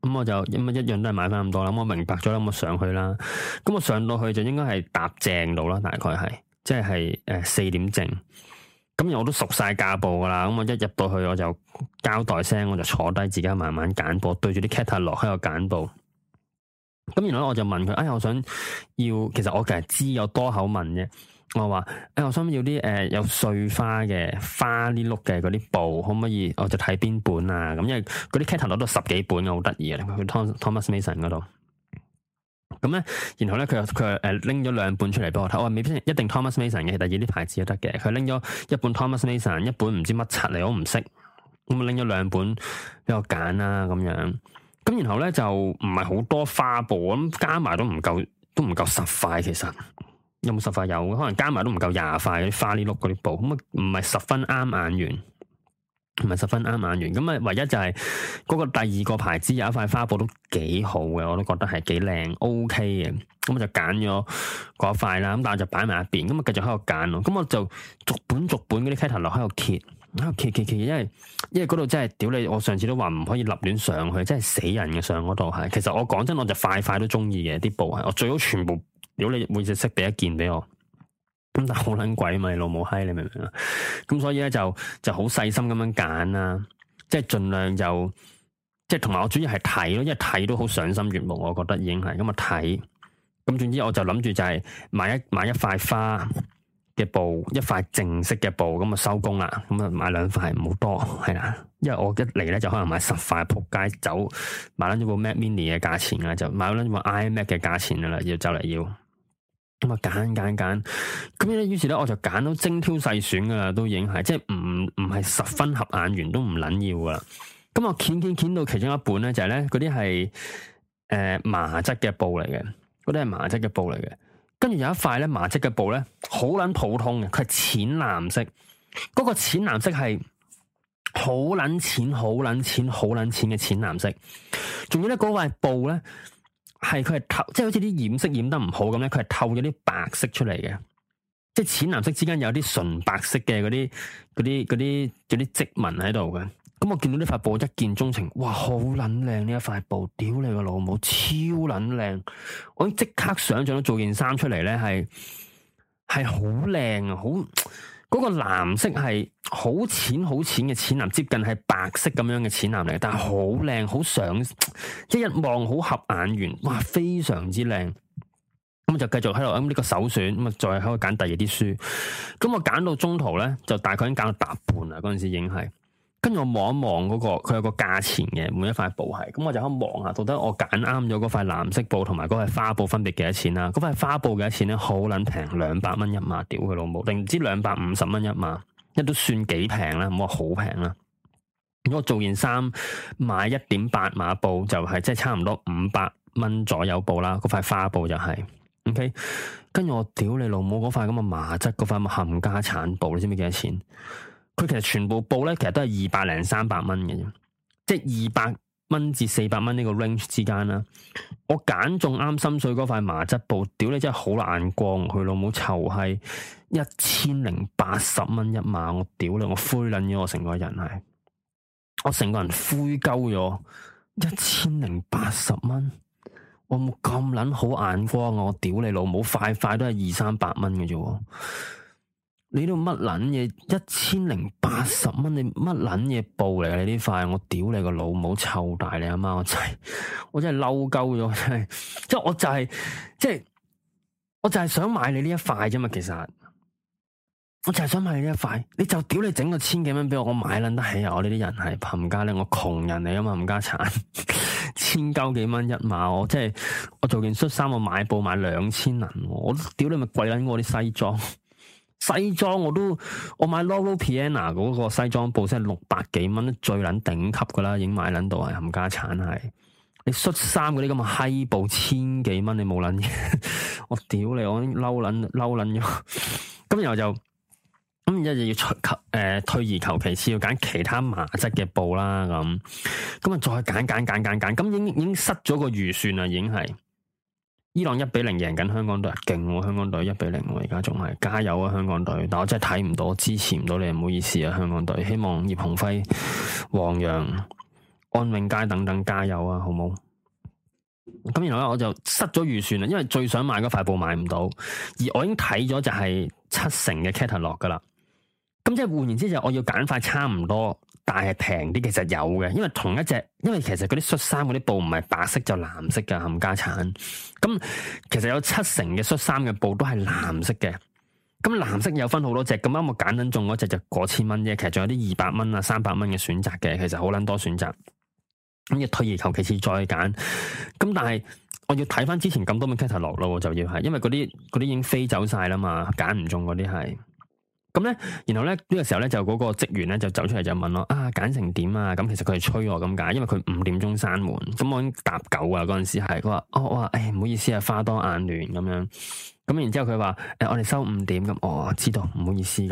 咁、嗯、我就咁啊一樣都係買翻咁多啦。咁、嗯、我明白咗啦，咁、嗯、我上去啦。咁、嗯、我上到去就應該係搭正到啦，大概係，即係誒四點正。咁又、嗯、我都熟晒架步噶啦，咁、嗯、我一入到去我就交代聲，我就坐低自己慢慢揀布，對住啲 catalog 落喺度揀布。咁、嗯、然後我就問佢，哎我想要，其實我其實知有多口問嘅。我話，哎我想要啲誒、呃、有碎花嘅花呢碌嘅嗰啲布，可唔可以？我就睇邊本啊，咁、嗯、因為嗰啲 catalog 都十幾本嘅，好得意啊，去 Thomas Mason 嗰度。咁咧、嗯，然後咧佢又佢又誒拎咗兩本出嚟俾我睇，我、哦、未必一定 Thomas Mason 嘅，第二啲牌子都得嘅。佢拎咗一本 Thomas Mason，一本唔知乜柒嚟，我唔識。我咪拎咗兩本俾我揀啦咁樣。咁然後咧就唔係好多花布，咁加埋都唔夠，都唔夠十塊其實。有冇十塊有？可能加埋都唔夠廿塊。嗰啲花呢碌嗰啲布，咁啊唔係十分啱眼緣。同埋十分啱眼緣，咁啊唯一就係嗰個第二個牌子有一塊花布都幾好嘅，我都覺得係幾靚，OK 嘅，咁、嗯、我就揀咗嗰塊啦，咁但係就擺埋一邊，咁、嗯、啊繼續喺度揀咯，咁、嗯、我就逐本逐本嗰啲 pattern 落喺度貼，喺度貼貼貼，因為因為嗰度真係屌你，我上次都話唔可以立亂上去，真係死人嘅上嗰度係，其實我講真，我就塊塊都中意嘅啲布係，我最好全部屌你，每唔會識俾一件俾我？咁但係好撚鬼咪老母閪，你明唔明啊？咁所以咧就就好細心咁樣揀啦，即係盡量就即係同埋我主要係睇咯，因為睇都好賞心悅目，我覺得已經係咁啊睇。咁總之我就諗住就係買一買一塊花嘅布，一塊淨色嘅布，咁啊收工啦。咁啊買兩塊，唔好多係啦。因為我一嚟咧就可能買十塊，仆街走買撚咗部 Mac Mini 嘅價錢啦，就買撚咗部 iMac 嘅價錢啦，要就嚟要。咁啊，揀揀揀，咁咧，於是咧，我就揀到精挑細選噶啦，都已經係，即係唔唔係十分合眼緣都唔捻要噶啦。咁我揀揀揀到其中一半咧，就係、是、咧，嗰啲係誒麻質嘅布嚟嘅，嗰啲係麻質嘅布嚟嘅。跟住有一塊咧麻質嘅布咧，好捻普通嘅，佢係淺藍色，嗰、那個淺藍色係好捻淺、好捻淺、好捻淺嘅淺藍色。仲要咧嗰塊布咧。係佢係透，即係好似啲染色染得唔好咁咧，佢係透咗啲白色出嚟嘅，即係淺藍色之間有啲純白色嘅嗰啲嗰啲啲啲織紋喺度嘅。咁我見到呢塊布一見鍾情，哇，好捻靚呢一塊布，屌你個老母，超捻靚！我已經即刻想象到做件衫出嚟咧，係係好靚啊，好～嗰個藍色係好淺好淺嘅淺藍，接近係白色咁樣嘅淺藍嚟，但係好靚，好上，即一望好合眼緣，哇，非常之靚。咁就繼續喺度咁呢個首選，咁啊再喺度揀第二啲書。咁我揀到中途呢，就大概已經揀到大半啦，嗰陣時候已經係。跟住我望一望嗰個，佢有個價錢嘅，每一塊布係，咁我就喺度望下，到底我揀啱咗嗰塊藍色布同埋嗰塊花布分別幾多錢啦？嗰塊花布幾多錢咧？好捻平，兩百蚊一碼，屌佢老母，定唔知兩百五十蚊一碼，一都算幾平啦。咁我好平啦。如果我做件衫買一點八碼布就係，即係差唔多五百蚊左右布啦。嗰塊花布就係，OK。跟住我屌你老母嗰塊咁嘅麻質嗰塊冚家產布，你知唔知幾多錢？佢其實全部布咧，其實都係二百零三百蚊嘅啫，即係二百蚊至四百蚊呢個 range 之間啦。我揀中啱心水嗰塊麻質布，屌你真係好眼光，佢老母臭閪一千零八十蚊一碼，我屌你，我灰撚咗我成個人係，我成個人灰鳩咗，一千零八十蚊，我冇咁撚好眼光，我屌你老母，塊塊都係二三百蚊嘅啫。你都乜捻嘢？一千零八十蚊，你乜捻嘢布嚟？你呢塊，我屌你個老母臭大你！你阿媽我真、就、係、是，我真係嬲鳩咗，真係，即係我就係、是，即、就、係、是、我就係想買你呢一塊啫嘛。其實我就係想買你呢一塊，你就屌你整個千幾蚊俾我，我買捻得起啊！我呢啲人係冚家咧，我窮人嚟啊嘛，冚家鏟， <laughs> 千鳩幾蚊一碼，我即係我，我做件恤衫，我買布買兩千銀，我屌你咪貴捻過我啲西裝。西裝我都我買 Loro Piana 嗰個西裝布先六百幾蚊，最捻頂級噶啦，影買捻到係冚家鏟係。你恤衫嗰啲咁嘅閪布千幾蚊，你冇捻 <laughs> 我屌你，我嬲捻嬲捻咗。然後 <laughs> 就咁，一就，就要求誒退而求其次，要揀其他麻質嘅布啦，咁咁啊再揀揀揀揀揀，咁已經已經失咗個預算啦，已經係。伊朗一比零贏緊，香港隊勁喎，啊。香港隊一比零，我而家仲係加油啊！香港隊，但我真係睇唔到，支持唔到你，唔好意思啊，香港隊。希望葉鴻輝、黃洋、安永佳等等加油啊，好冇？咁、嗯嗯、然後咧，我就失咗預算啦，因為最想買嗰塊布買唔到，而我已經睇咗就係七成嘅 catalog 噶啦。咁即係換言之，就我要揀塊差唔多。但係平啲，其實有嘅，因為同一隻，因為其實嗰啲恤衫嗰啲布唔係白色就藍色嘅冚家產。咁其實有七成嘅恤衫嘅布都係藍色嘅。咁藍色有分好多隻，咁啱我揀緊中嗰隻就過千蚊啫。其實仲有啲二百蚊啊、三百蚊嘅選擇嘅，其實好撚多選擇。咁要退而求其次再揀。咁但係我要睇翻之前咁多蚊 catalog 咯，我就要係，因為嗰啲啲已經飛走晒啦嘛，揀唔中嗰啲係。咁咧，然後咧呢、呢個時候咧就嗰個職員咧就走出嚟就問我啊，揀成點啊？咁其實佢係催我咁解，因為佢五點鐘閂門，咁我已經搭狗啊，嗰陣時係佢話，哦我話，誒、哎、唔好意思啊，花多眼亂咁樣咁。然之後佢話誒，我哋收五點咁，我、哦、知道唔好意思咁。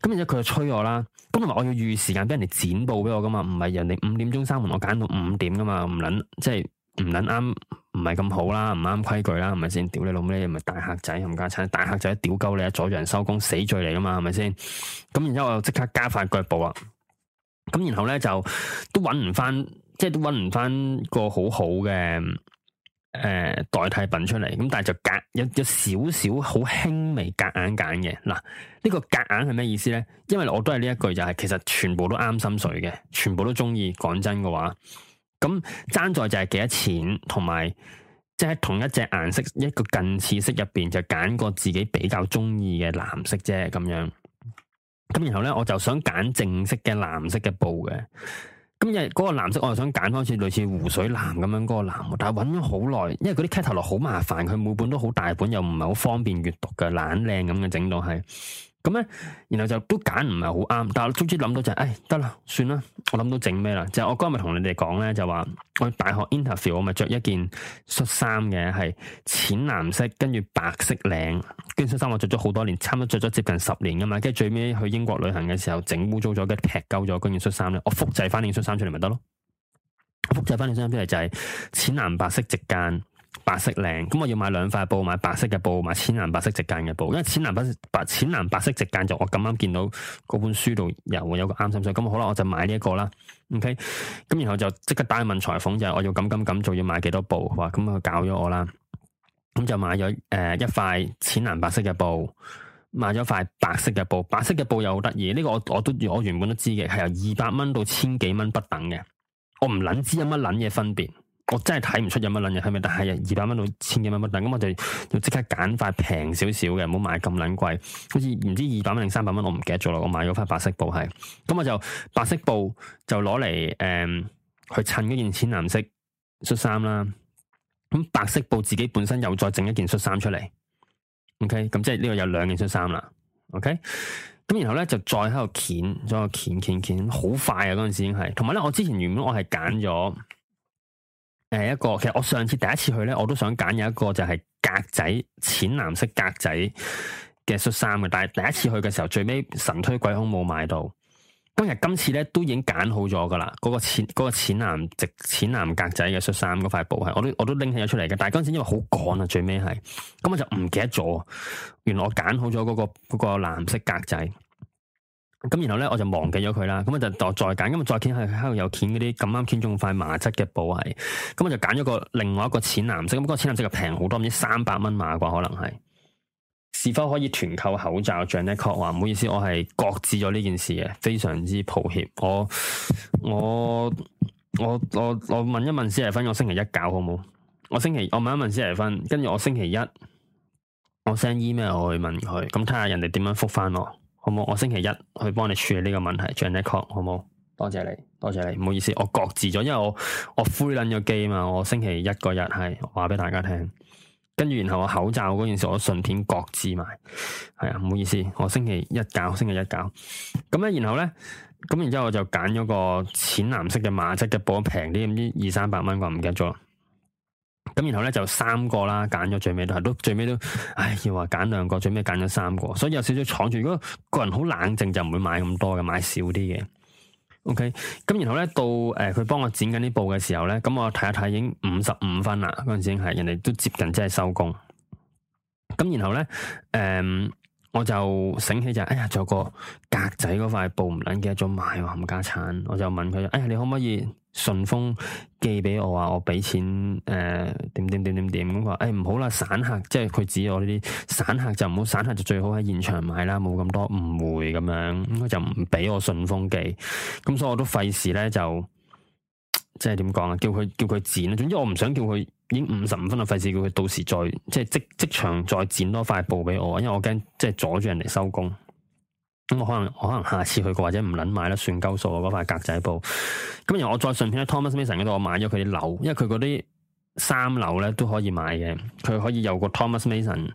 咁然之後佢就催我啦，咁我話我要預時間俾人哋剪報俾我噶嘛，唔係人哋五點鐘閂門，我揀到五點噶嘛，唔撚即係唔撚啱。唔係咁好啦，唔啱規矩啦，係咪先？屌你老母，你又唔係大客仔，冚家鏟，大客仔一屌鳩你啊，阻住人收工，死罪嚟噶嘛，係咪先？咁然之後，我即刻加快腳步啊！咁然後咧，就都搵唔翻，即係都搵唔翻個好好嘅誒代替品出嚟。咁但係就夾有有少少好輕微夾硬揀嘅嗱，呢、這個夾硬係咩意思咧？因為我都係呢一句，就係、是、其實全部都啱心水嘅，全部都中意。講真嘅話。咁爭在就係幾多錢，同埋即係同一隻顏色一個近似色入邊就揀個自己比較中意嘅藍色啫咁樣。咁然後咧，我就想揀正式嘅藍色嘅布嘅。今日嗰個藍色我就，我係想揀翻似類似湖水藍咁樣嗰個藍，但係揾咗好耐，因為嗰啲 catalogue 好麻煩，佢每本都好大本，又唔係好方便閱讀嘅，懶靚咁嘅整到係。咁咧，然後就都揀唔係好啱，但係終於諗到就係、係，誒，得啦，算啦，我諗到整咩啦，就係、我剛才咪同你哋講咧，就話我大學 interview 我咪着一件恤衫嘅，係淺藍色跟住白色領，件恤衫我着咗好多年，差唔多着咗接近十年噶嘛，跟住最尾去英國旅行嘅時候整污糟咗，跟住劈鳩咗，跟住件恤衫咧，我複製翻件恤衫出嚟咪得咯，我複製翻件恤衫出嚟就係淺藍白色直間。白色靚，咁我要買兩塊布，買白色嘅布，買淺藍白色直間嘅布，因為淺藍白淺藍白色直間就我咁啱見到嗰本書度有有個啱心水，咁好啦，我就買呢一個啦，OK，咁然後就即刻打去問裁縫，就係我要咁咁咁做，仲要買幾多布，哇，咁佢搞咗我啦，咁就買咗誒、呃、一塊淺藍白色嘅布，買咗塊白色嘅布，白色嘅布又好得意，呢、這個我我都我原本都知嘅，係由二百蚊到千幾蚊不等嘅，我唔捻知有乜捻嘢分別。我真係睇唔出有乜撚嘢，係咪？但係二百蚊到千幾蚊乜等，咁我就要即刻揀塊平少少嘅，唔好買咁卵貴。好似唔知二百蚊定三百蚊，我唔記得咗啦。我買咗塊白色布係，咁我就白色布就攞嚟誒去襯嗰件淺藍色恤衫啦。咁白色布自己本身又再整一件恤衫出嚟。OK，咁即係呢個有兩件恤衫啦。OK，咁然後咧就再喺度剪，再喺度剪剪剪，好快啊！嗰陣時已經係，同埋咧我之前原本我係揀咗。誒，一個其實我上次第一次去咧，我都想揀有一個就係格仔淺藍色格仔嘅恤衫嘅，但係第一次去嘅時候最尾神推鬼恐冇買到。今日今次咧都已經揀好咗噶啦，嗰個淺嗰個淺藍，直淺藍格仔嘅恤衫嗰塊布係，我都我都拎起咗出嚟嘅。但係今次因為好趕啊，最尾係咁我就唔記得咗，原來我揀好咗嗰個嗰個藍色格仔。咁然後咧，我就忘記咗佢啦。咁我就再再揀，咁啊再揀喺喺度有揀嗰啲咁啱揀中塊麻質嘅布係。咁我就揀咗個另外一個淺藍色。咁個淺藍色就平好多，唔知三百蚊碼啩，可能係。是否可以團購口罩賬咧？確話唔好意思，我係擱置咗呢件事嘅，非常之抱歉。我我我我我問一問史提芬，我星期一搞好冇？我星期我問一問史提芬，跟住我星期一，我 send email 我去問佢，咁睇下人哋點樣覆翻我。好冇？我星期一去幫你處理呢個問題 Jeanette call 好冇？多謝你，多謝你，唔好意思，我擱置咗，因為我我灰捻咗機啊嘛，我星期一嗰日係話俾大家聽，跟住然後我口罩嗰件事我順，我順便擱置埋，係啊，唔好意思，我星期一搞，星期一搞，咁咧然後咧，咁然之後我就揀咗個淺藍色嘅麻質嘅布，平啲，唔知二三百蚊，我唔記得咗。咁然後咧就三個啦，揀咗最尾都係，都最尾都，唉，要話揀兩個，最尾揀咗三個，所以有少少闖住。如果個人好冷靜就唔會買咁多嘅，買少啲嘅。OK，咁然後咧到誒佢幫我剪緊啲布嘅時候咧，咁我睇一睇已經五十五分啦，嗰陣時係人哋都接近即係收工。咁然後咧，誒、呃、我就醒起就，哎呀，仲有個格仔嗰塊布唔撚記得咗買喎冚家鏟，我就問佢，哎呀，你可唔可以？順豐寄俾我啊，我俾錢誒、呃、點點點點點咁話，誒，唔好啦，散客，即係佢指我呢啲散客就唔好，散客就最好喺現場買啦，冇咁多誤會咁樣，咁佢就唔俾我順豐寄，咁所以我都費事咧，就即係點講啊，叫佢叫佢剪啊。總之我唔想叫佢，已經五十五分啦，費事叫佢到時再即係即、即即場再剪多塊布俾我，因為我驚即係阻住人哋收工。咁我可能可能下次去過或者唔撚買啦，算鳩數啊嗰塊格仔布。咁然後我再順便喺 Thomas Mason 嗰度我買咗佢啲樓，因為佢嗰啲三樓咧都可以買嘅，佢可以有個 Thomas Mason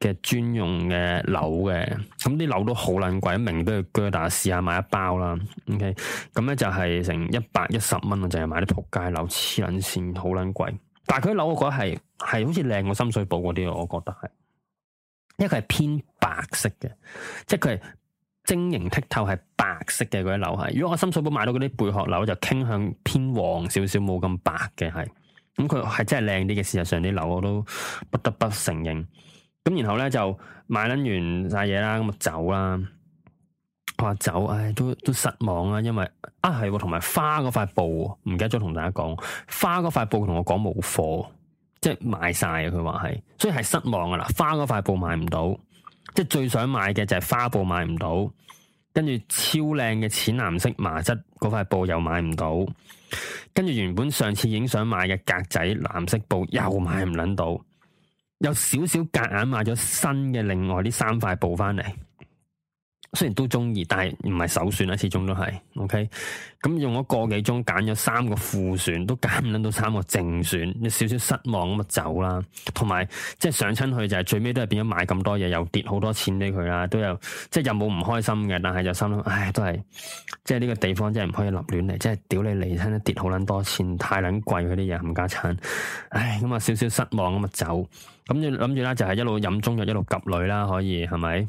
嘅專用嘅樓嘅。咁啲樓都好撚貴，明都係鋸，但係試下買一包啦。OK，咁咧就係成一百一十蚊，就係買啲仆街樓黐撚線，好撚貴。但係佢啲樓我覺得係係好似靚過深水埗嗰啲，我覺得係，因為佢係偏白色嘅，即係佢係。晶瑩剔透係白色嘅嗰啲樓係，如果我深水埗買到嗰啲貝殼樓就傾向偏黃少少，冇咁白嘅係，咁佢係真係靚啲嘅。事實上啲樓我都不得不承認。咁然後咧就買捻完晒嘢啦，咁就走啦。話走，唉，都都失望啊，因為啊係，同埋花嗰塊布，唔記得咗同大家講，花嗰塊布同我講冇貨，即係賣晒，佢話係，所以係失望噶啦，花嗰塊布買唔到。即係最想買嘅就係花布買唔到，跟住超靚嘅淺藍色麻質嗰塊布又買唔到，跟住原本上次影相買嘅格仔藍色布又買唔撚到，有少少夾硬買咗新嘅另外呢三塊布翻嚟。雖然都中意，但係唔係首選啦，始終都係，OK。咁用咗個幾鐘揀咗三個副選，都揀唔到到三個正選，一少少失望咁啊走啦。同埋即係上親去，去就係、是、最尾都係變咗買咁多嘢，又跌好多錢俾佢啦。都有即係又冇唔開心嘅，但係就心諗，唉，都係即係呢個地方真係唔可以立亂嚟，即係屌你離親都跌好撚多錢，太撚貴嗰啲嘢冚家鏟。唉，咁啊少少失望咁啊走，咁諗住啦就係一路飲中藥，一路昅女啦，可以係咪？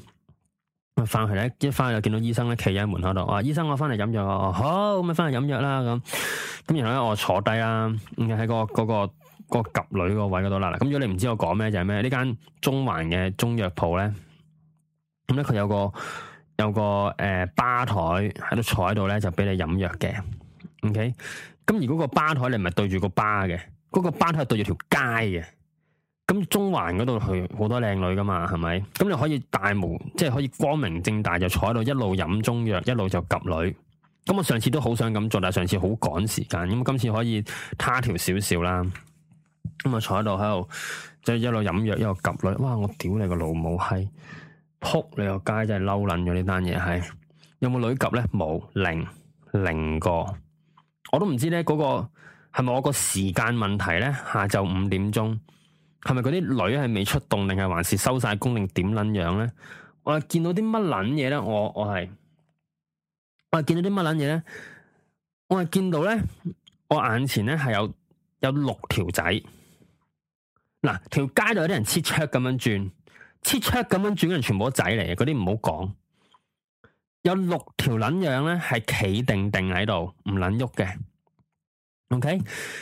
翻去咧，一翻去就見到醫生咧，企喺門口度。啊，醫生，我翻嚟飲藥。哦，好，咁啊，翻嚟飲藥啦。咁咁然後咧，我坐低啦，咁喺個嗰個個，個，個，個夾女個位嗰度啦。咁如果你唔知我講咩就係咩，呢間中環嘅中藥鋪咧，咁咧佢有個有個誒吧台喺度坐喺度咧，就俾你飲藥嘅。OK，咁如果個吧台你唔係對住個吧嘅，嗰、嗰個吧台對住條街嘅。咁中環嗰度去好多靚女噶嘛，係咪？咁你可以大模，即係可以光明正大就坐喺度，一路飲中藥，一路就昅女。咁我上次都好想咁做，但係上次好趕時間，咁今次可以卡條少少啦。咁啊，坐喺度喺度，即係一路飲藥，一路昅女。哇！我屌你個老母閪，扑你個街真係嬲捻咗呢單嘢係。有冇女昅咧？冇零零個，我都唔知咧。嗰個係咪我個時間問題咧？下晝五點鐘。係咪嗰啲女係未出動，定係還是收晒工，定點撚樣咧？我係見到啲乜捻嘢咧？我我係，我係見到啲乜捻嘢咧？我係見到咧，我眼前咧係有有六條仔。嗱，條街度有啲人切桌咁樣轉，切桌咁樣轉，跟住全部都仔嚟嘅，嗰啲唔好講。有六條捻、啊、樣咧，係企定定喺度，唔捻喐嘅。O.K.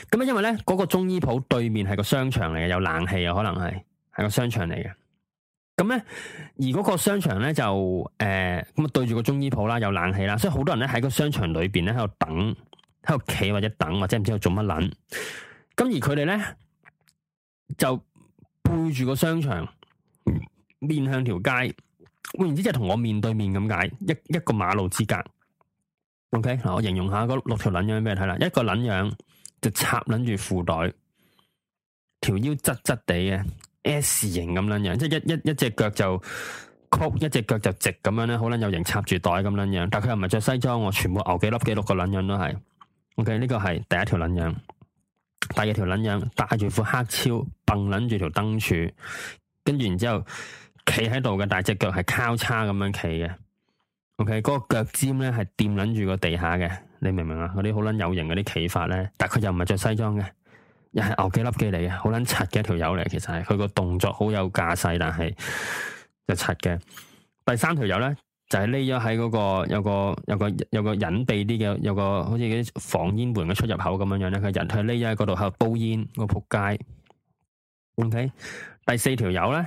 咁啊，因為咧嗰、嗰個中醫鋪對面係個商場嚟嘅，有冷氣啊，可能係係個商場嚟嘅。咁咧，而嗰個商場咧就誒，咁、呃、啊對住個中醫鋪啦，有冷氣啦，所以好多人咧喺個商場裏邊咧喺度等，喺度企或者等或者唔知喺度做乜捻。咁而佢哋咧就背住個商場，面向條街，換言之即係同我面對面咁解，一一個馬路之隔。OK，嗱我形容下嗰六條捻樣咩？睇啦。一個捻樣就插捻住褲袋，條腰側側地嘅 S 型咁捻樣，即係一一一隻腳就曲，一隻腳就直咁樣咧，好捻有型插住袋咁捻樣。但佢又唔係着西裝，我全部牛幾粒幾六個捻樣都係。OK，呢個係第一條捻樣。第二條捻樣戴住副黑超，蹦捻住條燈柱，跟住然之後企喺度嘅，但係隻腳係交叉咁樣企嘅。OK，嗰個腳尖咧係掂捻住個地下嘅，你明唔明啊？嗰啲好捻有型嗰啲企法咧，但係佢又唔係着西裝嘅，又係牛記笠記嚟嘅，好捻柒嘅一條友嚟，其實係佢個動作好有架勢，但係又柒嘅。第三條友咧就係匿咗喺嗰個有個有個有個，有個隱蔽啲嘅，有個好似啲防煙門嘅出入口咁樣樣咧，佢人佢匿咗喺嗰度喺度煲煙，我仆街 OK。第四條友咧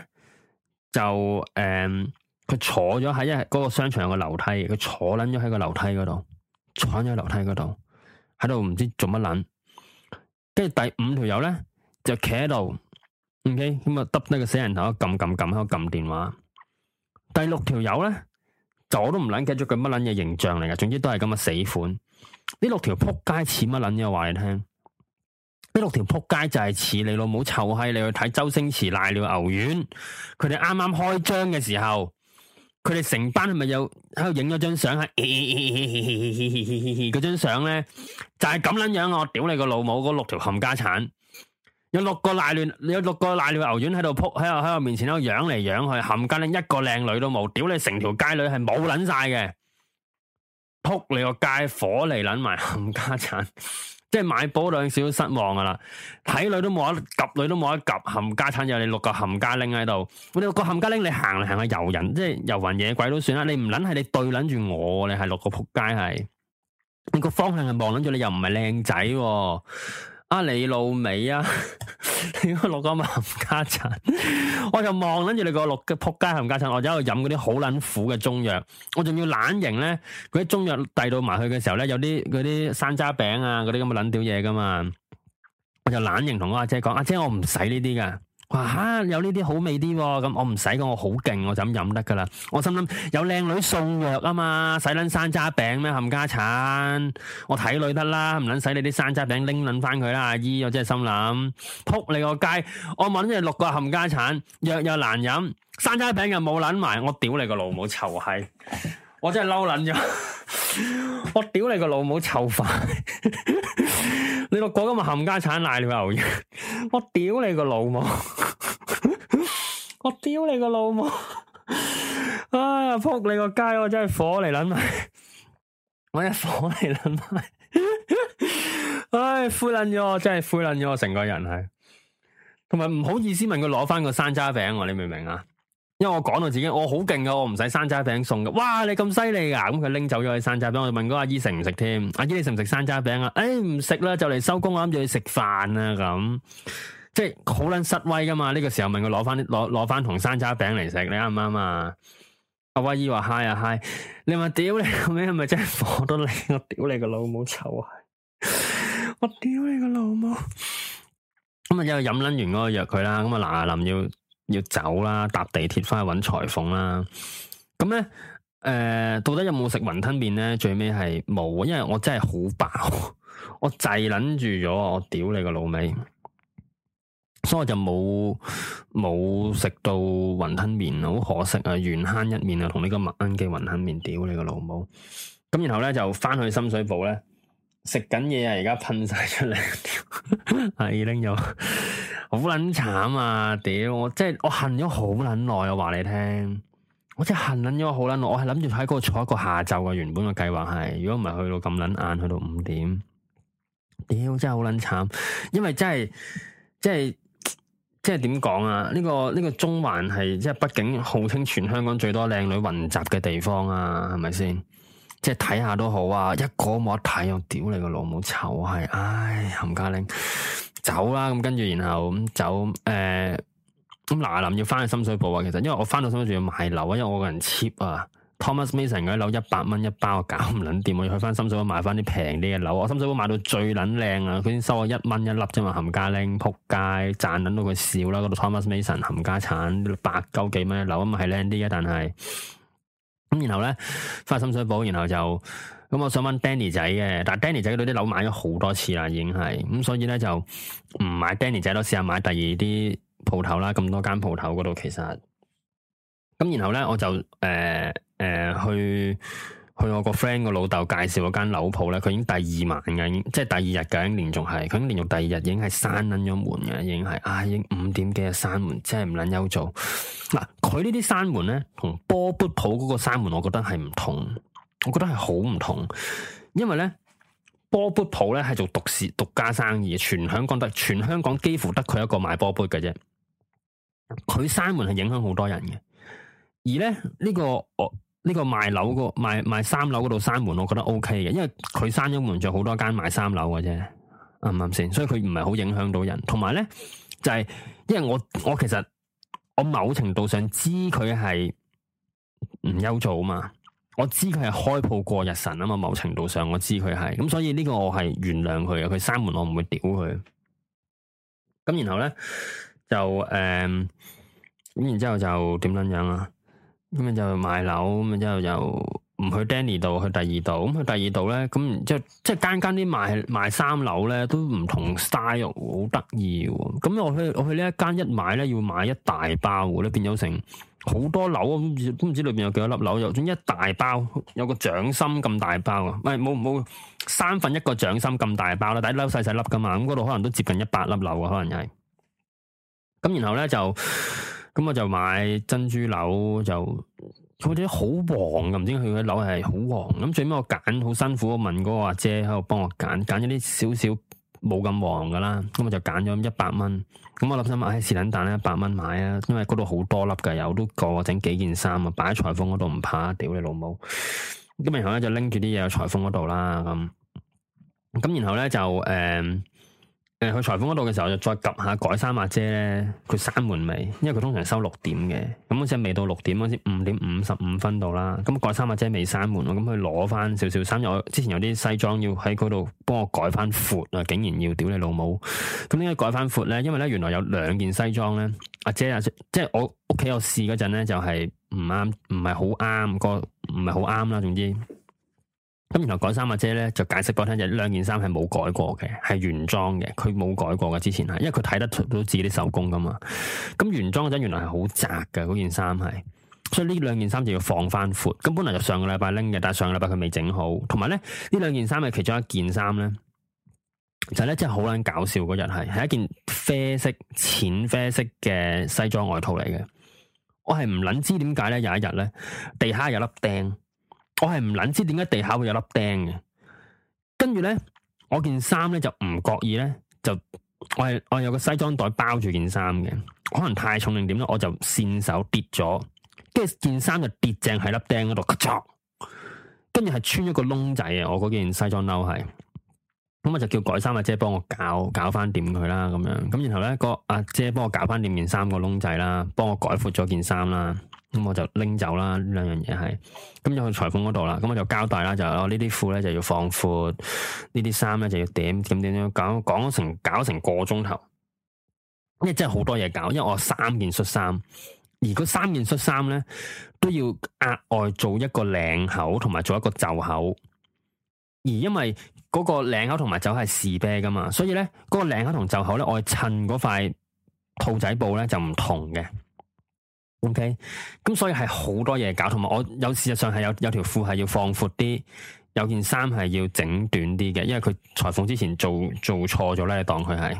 就誒。嗯佢坐咗喺一嗰個商場個樓梯，佢坐捻咗喺個樓梯嗰度，坐咗喺樓梯嗰度，喺度唔知做乜捻。跟住第五條友咧就企喺度，OK 咁啊，耷低個死人頭，撳撳撳喺度撳電話。第六條友咧就我都唔捻記住佢乜捻嘅形象嚟㗎，總之都係咁嘅死款。呢六條扑街似乜捻嘢話你聽？呢六條扑街就係似你老母臭閪，你去睇周星馳瀨尿牛丸，佢哋啱啱開張嘅時候。佢哋成班係咪又喺度影咗張相？係，嗰張相咧就係咁捻樣，我屌你個老母，嗰六條冚家鏟，有六個瀨尿有六個瀨尿牛丸喺度扑喺我喺我面前，喺度樣嚟樣去，冚家咧一個靚女都冇，屌你成條街女係冇捻晒嘅，扑你個街火嚟捻埋冚家鏟。即係買布兩少失望噶啦，睇女都冇得夾，及，女都冇得。及，冚家產有你六個冚家拎喺度，我哋六個冚家拎你行嚟行去遊人，即係遊魂野鬼都算啦，你唔撚係你對撚住我，你係六個仆街，係你個方向係望撚住你，又唔係靚仔喎、啊。啊！你老味啊！你個六個冚家鏟？ <laughs> 我就望跟住你個六個仆街冚家鏟，我就喺度飲嗰啲好捻苦嘅中藥，我仲要懶型咧。嗰啲中藥遞到埋去嘅時候咧，有啲嗰啲山楂餅啊，嗰啲咁嘅捻屌嘢噶嘛，我就懶型同我阿姐講：阿、啊、姐，我唔使呢啲噶。哇嚇！有呢啲好味啲喎，咁我唔使個我好勁，我就咁飲得噶啦。我心諗有靚女送藥啊嘛，使撚山楂餅咩冚家鏟？我睇女得啦，唔撚使你啲山楂餅拎撚返佢啦，阿姨。我真係心諗，撲你個街！我問你六個冚家鏟，藥又難飲，山楂餅又冇撚埋，我屌你個老母臭閪！.我真係嬲撚咗！ <laughs> 我屌你個老母臭飯！ <laughs> 你個哥咁咪冚家鏟瀨條牛嘢！ <laughs> 我屌你個老母！ <laughs> 我屌你個老母！唉，扑你個街！我真係火嚟撚埋！ <laughs> 我真係火嚟撚埋！唉、 <laughs> 哎，灰撚咗！真我真係灰撚咗！我成個人係同埋唔好意思問佢攞翻個山楂餅，你明唔明啊？因為我講到自己，我好勁噶，我唔使山楂餅送嘅。哇，你咁犀利噶，咁佢拎走咗啲山楂餅，我問嗰個阿姨食唔食添？阿姨你食唔食山楂餅啊？誒、哎，唔食啦，就嚟收工我諗住去食飯啊，咁即係好捻失威噶嘛。呢、這個時候問佢攞翻攞攞翻同山楂餅嚟食，你啱唔啱啊？阿威姨話嗨啊嗨，hi, hi. 你問屌你個咩，係咪真係火到你？我屌你個老母臭啊！我屌你個老母。咁啊，又飲捻完嗰個藥佢啦，咁啊，林阿林要。要走啦，搭地鐵翻去揾裁縫啦。咁咧，誒、呃，到底有冇食雲吞麵咧？最尾係冇，因為我真係好飽， <laughs> 我滯撚住咗，我屌你個老味，所以我就冇冇食到雲吞麵，好可惜啊！緣慳一面啊，同呢個麥奀記雲吞麵，屌你個老母！咁然後咧就翻去深水埗咧。食緊嘢啊！而家噴晒出嚟，係拎咗好撚慘啊！屌、mm hmm. 我即係我恨咗好撚耐啊！話你聽，我真係恨撚咗好撚耐，我係諗住喺嗰度坐一個下晝嘅，原本嘅計劃係，如果唔係去到咁撚晏，去到五點，屌 <laughs> 真係好撚慘！ <laughs> 因為真係，即、就、係、是，真係點講啊？就是、呢、呢個呢、呢個中環係即係，畢、就是、竟號稱全香港最多靚女雲集嘅地方啊，係咪先？Mm hmm. 即係睇下都好啊，一個冇得睇，我屌你個老母醜係、啊，唉冚家拎走啦，咁跟住然後咁走，誒咁嗱臨要翻去深水埗啊，其實因為我翻到深水埗，深水埗要買樓啊，因為我個人 cheap 啊，Thomas Mason 嗰樓一百蚊一包，搞唔捻掂，我要去翻深水埗買翻啲平啲嘅樓，我深水埗買到最捻靚啊，佢先收我一蚊一粒啫嘛，冚家拎扑街，賺捻到佢笑啦，嗰度 Thomas Mason 冚家產百九幾蚊一樓啊嘛，係靚啲啊，但係。但咁然後咧翻深水埗，然後就咁，就我想問 Danny 仔嘅，但係 Danny 仔嗰度啲樓買咗好多次啦，已經係咁，所以咧就唔買 Danny 仔都試下買第二啲鋪頭啦，咁多間鋪頭嗰度其實咁，然後咧我就誒誒、呃呃、去。去我個 friend 個老豆介紹嗰間樓鋪咧，佢已經第二萬嘅，即係第二日嘅，已經連續係，佢已經連續第二日已經係閂撚咗門嘅，已經係啊，已經五點幾嘅閂門，真係唔捻憂做。嗱，佢呢啲閂門咧，同波波鋪嗰個閂門，我覺得係唔同，我覺得係好唔同，因為咧波波鋪咧係做獨市獨家生意，全香港得，全香港幾乎得佢一個賣波波嘅啫。佢閂門係影響好多人嘅，而咧呢、這個我。呢個賣樓個賣賣三樓嗰度閂門，我覺得 OK 嘅，因為佢閂咗門，仲好多間賣三樓嘅啫，啱唔啱先？所以佢唔係好影響到人。同埋咧，就係、是、因為我我其實我某程度上知佢係唔憂做啊嘛，我知佢係開鋪過日神啊嘛，某程度上我知佢係，咁所以呢個我係原諒佢嘅，佢閂門我唔會屌佢。咁然後咧就誒咁、嗯，然之後就點樣樣啊？咁咪就買樓，咁咪之後又唔去 Danny 度，去第二度。咁去第二度咧，咁然之後即係間間啲賣賣三樓咧，都唔同 style，好得意喎。咁我去我去呢一間一買咧，要買一大包，咧變咗成好多樓，都唔知裏邊有幾多粒樓，又中一大包，有個掌心咁大包啊！喂冇冇三分一個掌心咁大包啦，但係粒細細粒噶嘛，咁嗰度可能都接近一百粒樓啊，可能係。咁然後咧就。咁我就買珍珠紐就嗰啲好黃嘅，唔知佢嘅紐係好黃。咁最尾我揀好辛苦，我問嗰個阿姐喺度幫我揀，揀咗啲少少冇咁黃嘅啦。咁我就揀咗一百蚊。咁我諗諗，唉、哎，是是但啦，一百蚊買啦，因為嗰度好多粒嘅，有都過整幾件衫啊，擺喺裁縫嗰度唔怕，屌你老母。咁然後咧就拎住啲嘢去裁縫嗰度啦，咁、嗯，咁然後咧就誒。呃去裁縫嗰度嘅時候就再及下改衫阿姐咧，佢閂門未？因為佢通常收六點嘅，咁好似未到六點嗰陣，五點五十五分到啦。咁改衫阿姐未閂門，咁佢攞翻少少衫，有之前有啲西裝要喺嗰度幫我改翻闊啊，竟然要屌你老母！咁點解改翻闊咧？因為咧原來有兩件西裝咧，阿姐啊，即係我屋企我試嗰陣咧就係唔啱，唔係好啱個，唔係好啱啦，總之。咁原來改衫阿姐咧就解釋講聽呢兩件衫係冇改過嘅，係原裝嘅，佢冇改過嘅之前係，因為佢睇得出都自己啲手工噶嘛。咁原裝嗰陣原來係好窄嘅嗰件衫係，所以呢兩件衫就要放翻闊。咁本嚟就上個禮拜拎嘅，但上個禮拜佢未整好。同埋咧呢兩件衫係其中一件衫咧，就係咧真係好撚搞笑嗰日係，係一件啡色、淺啡色嘅西裝外套嚟嘅。我係唔撚知點解咧，有一日咧，地下有粒釘。我係唔捻知點解地下會有粒釘嘅，跟住咧我件衫咧就唔覺意咧就我係我有個西裝袋包住件衫嘅，可能太重定點咧我就線手跌咗，跟住件衫就跌正喺粒釘嗰度，跟住係穿咗個窿仔啊！我嗰件西裝褸係咁啊，我就叫改衫阿姐幫我搞搞翻掂佢啦，咁樣咁然後咧、個阿姐幫我搞翻掂件衫個窿仔啦，幫我改闊咗件衫啦。咁我就拎走啦，呢兩樣嘢係。咁就去裁縫嗰度啦，咁我就交代啦，就我、哦、呢啲褲咧就要放闊，呢啲衫咧就要點，咁點樣講講成搞成個鐘頭，因為真係好多嘢搞，因為我三件恤衫，而嗰三件恤衫咧都要額外做一個領口同埋做一個袖口，而因為嗰個領口同埋袖係試啤噶嘛，所以咧嗰、嗰個領口同袖口咧我係襯嗰塊兔仔布咧就唔同嘅。O K，咁所以係好多嘢搞，同埋我有事實上係有有條褲係要放闊啲，有件衫係要整短啲嘅，因為佢裁縫之前做做錯咗咧，你當佢係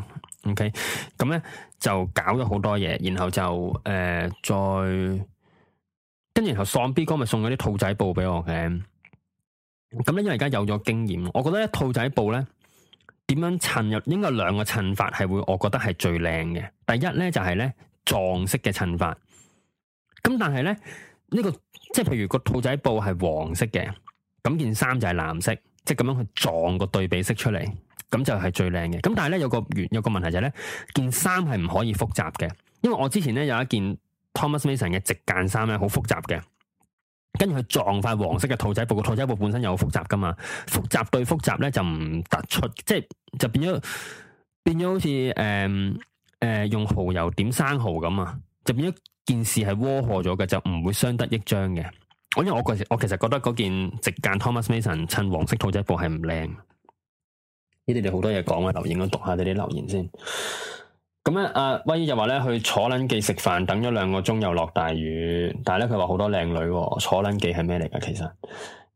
O K，咁咧就搞咗好多嘢，然後就誒、呃、再跟住然後喪 B 哥咪送咗啲兔仔布俾我嘅，咁、okay? 咧因為而家有咗經驗，我覺得咧兔仔布咧點樣襯入應該兩個襯法係會我覺得係最靚嘅，第一咧就係咧撞色嘅襯法。咁但係咧，呢、這個即係譬如個兔仔布係黃色嘅，咁件衫就係藍色，即係咁樣去撞個對比色出嚟，咁就係最靚嘅。咁但係咧有個原有個問題就係、是、咧，件衫係唔可以複雜嘅，因為我之前咧有一件 Thomas Mason 嘅直間衫咧，好複雜嘅，跟住佢撞塊黃色嘅兔仔布，個兔仔布本身又好複雜噶嘛，複雜對複雜咧就唔突出，即係就變咗變咗好似誒誒用蠔油點生蠔咁啊！就變一件事係禍害咗嘅，就唔會相得益彰嘅。我因為我嗰時我其實覺得嗰件直間 Thomas Mason 襯黃色兔仔布係唔靚。呢啲你好多嘢講啊，我留言我讀下你啲留言先。咁咧，阿、啊、威姨就話咧去坐撚記食飯，等咗兩個鐘又落大雨，但係咧佢話好多靚女喎。坐撚記係咩嚟噶？其實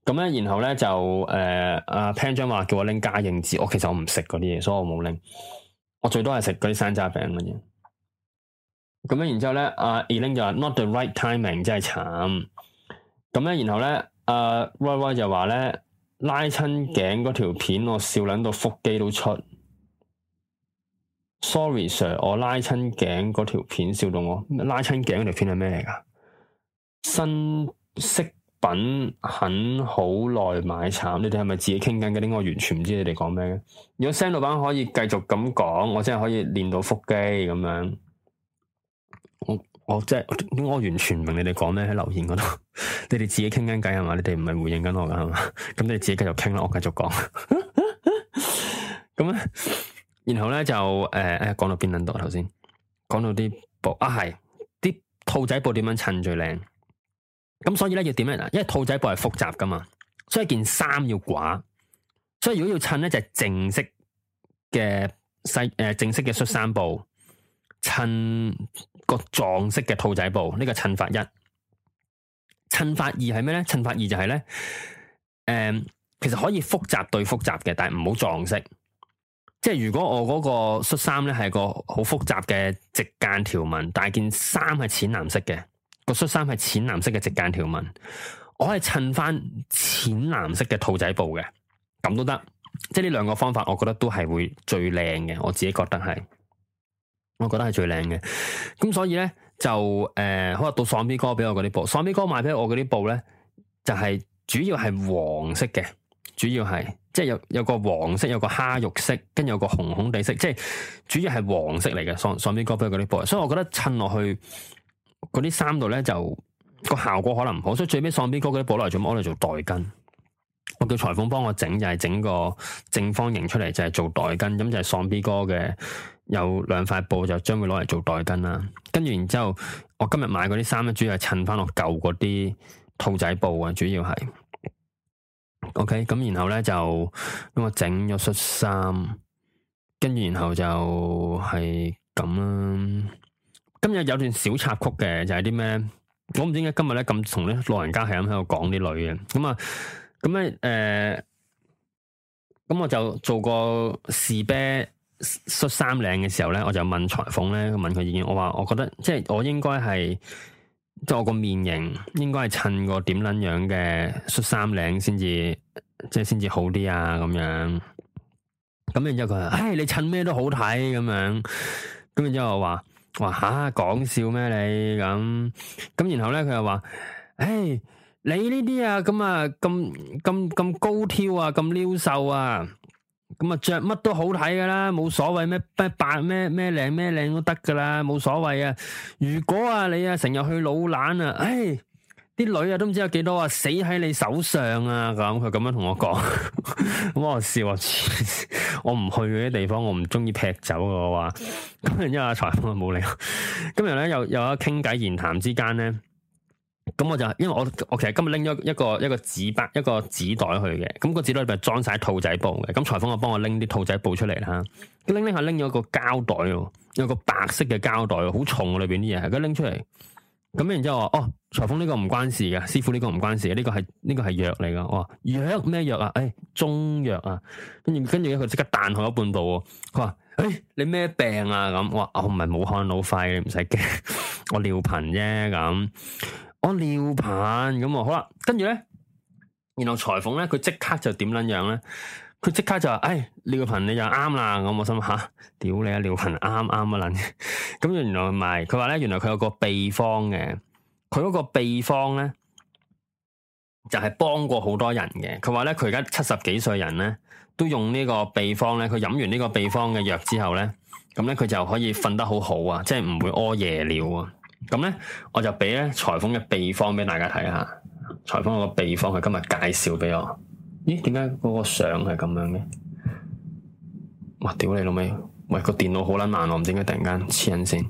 咁咧，然後咧就誒阿 Panjang 話叫我拎嘉應子，我其實我唔食嗰啲嘢，所以我冇拎。我最多係食嗰啲山楂餅嗰啲。咁樣，然之後咧，阿 Elin 就話、嗯、Not the right timing，真係慘。咁咧，然後咧，阿 Y Y 就話咧拉親頸嗰條片，我笑捻到腹肌都出。Sorry，sir，我拉親頸嗰條片笑到我拉親頸嗰條片係咩嚟噶？新飾品很好耐買慘，你哋係咪自己傾緊啲？我完全唔知你哋講咩。如果 Sam 老闆可以繼續咁講，我真係可以練到腹肌咁樣。我我即係我完全唔明你哋講咩喺留言嗰度，你哋自己傾緊偈係嘛？你哋唔係回應緊我噶係嘛？咁你哋自己繼續傾啦，我繼續講。咁 <laughs> 咧， <laughs> 然後咧就誒誒，講、呃、到邊度呢頭先，講到啲布啊，係啲兔仔布點樣襯最靚？咁所以咧要點咧？因為兔仔布係複雜噶嘛，所以件衫要寡，所以如果要襯咧就係、正式嘅西誒正式嘅恤衫布襯。個撞色嘅兔仔布，呢、這個襯法一，襯法二係咩呢？襯法二就係、是、呢。誒、嗯，其實可以複雜對複雜嘅，但係唔好撞色。即係如果我嗰個恤衫呢係個好複雜嘅直間條紋，但係件衫係淺藍色嘅，個恤衫係淺藍色嘅直間條紋，我可以襯翻淺藍色嘅兔仔布嘅，咁都得。即係呢兩個方法，我覺得都係會最靚嘅，我自己覺得係。我覺得係最靚嘅，咁所以咧就誒，可、呃、能到喪 B 哥俾我嗰啲布，喪 B 哥買俾我嗰啲布咧，就係、是、主要係黃色嘅，主要係即係有有個黃色，有個蝦肉色，跟住有個紅紅地色，即係主要係黃色嚟嘅喪喪 B 哥俾我嗰啲布，所以我覺得襯落去嗰啲衫度咧就個效果可能唔好，所以最尾喪 B 哥嗰啲布攞嚟做乜？攞嚟做袋巾，我叫裁縫幫我整，就係、是、整個正方形出嚟，就係、是、做袋巾，咁就係喪 B 哥嘅。B 有兩塊布就將佢攞嚟做袋巾啦，跟住然之後我今日買嗰啲衫咧，主要係襯翻落舊嗰啲兔仔布啊，主要係，OK，咁然後咧就咁我整咗恤衫，跟住然後就係咁啦。今日有段小插曲嘅，就係啲咩？我唔知點解今日咧咁同啲老人家係咁喺度講啲女嘅，咁啊，咁啊，誒、呃，咁我就做個士啤。恤衫領嘅時候咧，我就問裁縫咧，問佢意見。我話我，我覺得即係我應該係即係我個面型應該係襯個點捻樣嘅恤衫領先至即係先至好啲啊，咁樣。咁然之後佢話：，唉、哎，你襯咩都好睇咁樣。咁然之後我話：，哇，吓、啊，講笑咩你？咁咁然後咧佢又話：，唉、哎，你呢啲啊，咁啊，咁咁咁高挑啊，咁撩瘦啊！咁啊，着乜都好睇噶啦，冇所謂咩咩白咩咩靚咩靚都得噶啦，冇所謂啊！如果啊你啊成日去老懶啊，唉、哎，啲女啊都唔知有幾多啊死喺你手上啊咁，佢咁樣同我講，咁 <laughs> 我笑我唔去嗰啲地方，我唔中意劈酒我話，咁然之後啊財哥冇理，今日咧又有一傾偈言談之間咧。咁我就，因為我我其實今日拎咗一個一個紙包一個紙袋去嘅，咁個紙袋裏邊裝晒兔仔布嘅。咁裁縫就幫我拎啲兔仔布出嚟啦，拎拎下拎咗個膠袋，有個白色嘅膠袋，好重啊，裏邊啲嘢係佢拎出嚟。咁然之後話哦，裁縫呢個唔關事嘅，師傅呢個唔關事，呢個係呢個係藥嚟噶。我話，藥，咩藥啊？誒，中藥啊。跟住跟住佢即刻彈開咗半步。佢話，誒，你咩病啊？咁哇我唔係武漢腦肺，你唔使驚， <laughs> 我尿頻啫咁。哦、尿頻咁啊，好啦，跟住咧，然後裁縫咧，佢即刻就點捻樣咧？佢即刻就話，誒，尿頻你就啱啦。咁我心吓，屌你啊，尿頻啱啱啊，捻。咁原來唔係，佢話咧，原來佢有個秘方嘅。佢嗰個秘方咧，就係、是、幫過好多人嘅。佢話咧，佢而家七十幾歲人咧，都用呢個秘方咧，佢飲完呢個秘方嘅藥之後咧，咁咧佢就可以瞓得好好啊，即係唔會屙夜尿啊。咁咧，我就畀咧裁縫嘅秘方畀大家睇下。裁縫個秘方，佢今日介紹畀我。咦？點解嗰個相係咁樣嘅？哇！屌你老味，喂，個電腦好撚慢，我唔知點解突然間黐人線。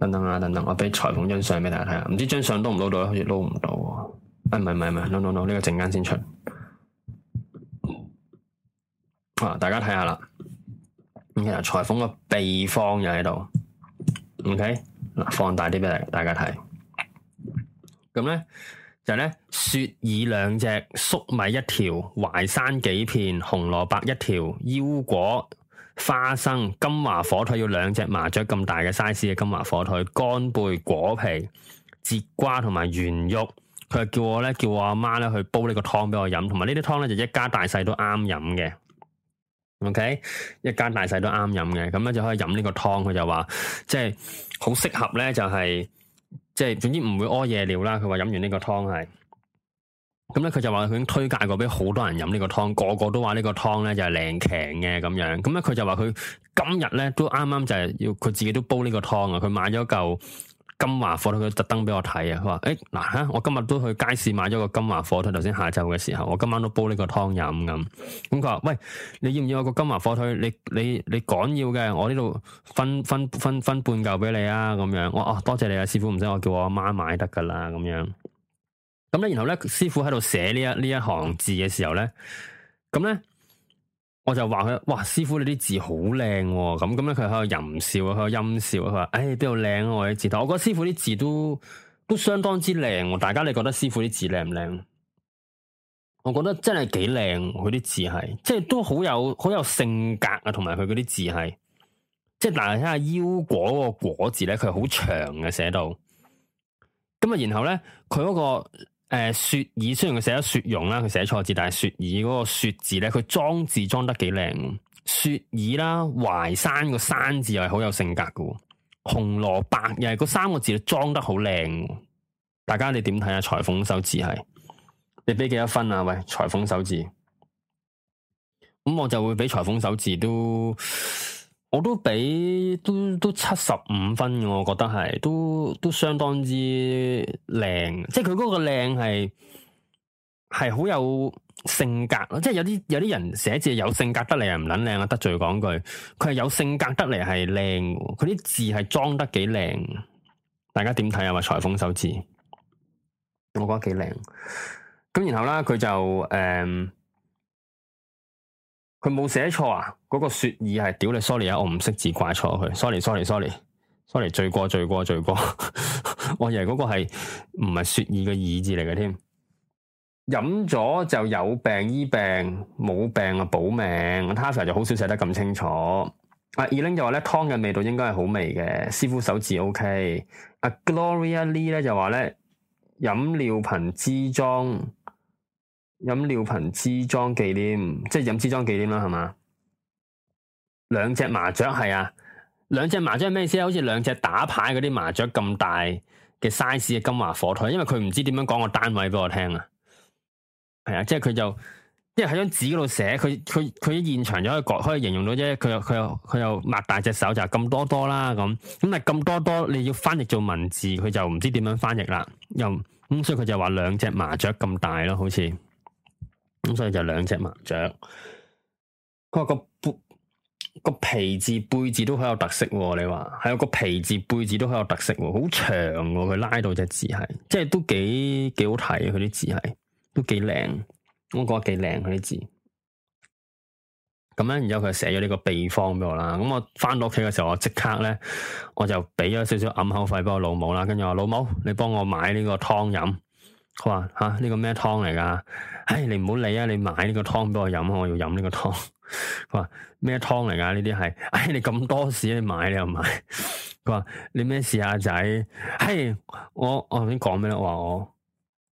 等等啊，等等，我畀裁縫張相畀大家睇下。唔知張相撈唔撈到，好似撈唔到。啊、哎。誒，唔係唔係唔係，no no no，呢個陣間先出。啊，大家睇下啦。咁其實，裁縫嘅秘方又喺度。OK。嗱，放大啲俾大家睇咁呢就係，呢雪耳兩隻，粟米一條，淮山幾片，紅蘿蔔一條，腰果、花生、金華火腿，要兩隻麻雀咁大嘅 size 嘅金華火腿，乾貝果皮、節瓜同埋圓肉。佢叫我呢，叫我阿媽呢去煲呢個湯俾我飲，同埋呢啲湯呢，就一家大細都啱飲嘅。O、okay? K，一家大細都啱飲嘅，咁咧就可以飲呢個湯。佢就話即係好適合咧、就是，就係即係總之唔會屙夜尿啦。佢話飲完呢個湯係，咁咧佢就話佢已經推介過俾好多人飲呢個湯，個個都話呢個湯咧就係靚正嘅咁樣。咁咧佢就話佢今日咧都啱啱就係要佢自己都煲呢個湯啊，佢買咗嚿。金華火腿佢特登俾我睇、欸、啊！佢話：誒，嗱吓，我今日都去街市買咗個金華火腿。頭先下晝嘅時候，我今晚都煲呢個湯飲咁。咁佢話：喂，你要唔要個金華火腿？你你你講要嘅，我呢度分分分分半嚿俾你啊！咁樣，我啊多謝你啊，師傅唔使我叫我阿媽買得㗎喇，咁樣。咁咧，然後咧，師傅喺度寫呢一呢一行字嘅時候咧，咁咧。我就話佢，哇！師傅你啲字好靚、哦，咁咁咧佢喺度淫笑，喺度陰笑，佢話，誒，邊度靚我啲字？但我覺得師傅啲字都都相當之靚、哦，大家你覺得師傅啲字靚唔靚？我覺得真係幾靚，佢啲字係，即係都好有好有性格啊，同埋佢嗰啲字係，即係但係睇下腰果個果字咧，佢係好長嘅、啊、寫到，咁啊然後咧佢嗰個。嗯、雪耳雖然佢寫咗「雪容」啦，佢寫錯字，但係雪耳嗰個雪字咧，佢裝字裝得幾靚。雪耳啦，淮山個山字又係好有性格嘅。紅蘿蔔又係嗰三個字裝得好靚。大家你點睇啊？裁縫手字係，你俾幾多分啊？喂，裁縫手字，咁我就會俾裁縫手字都。我都俾都都七十五分嘅，我覺得係都都相當之靚，即係佢嗰個靚係係好有性格咯，即係有啲有啲人寫字有性格得嚟，唔捻靚啊，得罪講句，佢係有性格得嚟係靚，佢啲字係裝得幾靚，大家點睇啊？話裁縫手指，我覺得幾靚，咁然後啦，佢就誒。嗯佢冇寫錯啊！嗰、嗰個雪耳係屌你，sorry 啊，我唔識字怪錯佢，sorry sorry sorry sorry，罪過罪過罪過，我以為嗰個係唔係雪耳嘅耳字嚟嘅添。飲咗就有病醫病，冇病啊保命。Tasha 就好少寫得咁清楚。阿二 Ling 就話咧湯嘅味道應該係好味嘅，師傅手字 OK。阿 Gloria Lee 咧就話咧飲料瓶之中。飲料瓶支裝忌廉，即係飲支裝忌廉啦，係嘛？兩隻麻雀係啊，兩隻麻雀係咩意思？好似兩隻打牌嗰啲麻雀咁大嘅 size 嘅金華火腿，因為佢唔知點樣講個單位俾我聽啊。係啊，即係佢就即係喺張紙嗰度寫，佢佢佢喺現場就可以講，可以形容到啫。佢又佢又佢又擘大隻手就咁多多啦，咁咁咪咁多多。你要翻譯做文字，佢就唔知點樣翻譯啦。又咁，所以佢就話兩隻麻雀咁大咯，好似。咁所以就兩隻麻雀。佢話、個背個皮字、背字都好有特色喎。你話係有個皮字、背字都好有特色喎，好長喎。佢拉到隻字係，即係都幾幾好睇。佢啲字係都幾靚，我覺得幾靚。佢啲字咁樣，然之後佢寫咗呢個秘方俾我啦。咁我翻到屋企嘅時候，我即刻咧，我就俾咗少少暗口費俾我老母啦。跟住我話老母，你幫我買呢個湯飲。佢話吓呢個咩湯嚟噶？唉，你唔好理啊！你買呢個湯俾我飲，我要飲呢個湯。佢話咩湯嚟噶？呢啲係唉，你咁多事，你買你又唔係。佢 <laughs> 話你咩事你我我我我啊，仔、啊？係我我同你講咩啦？話我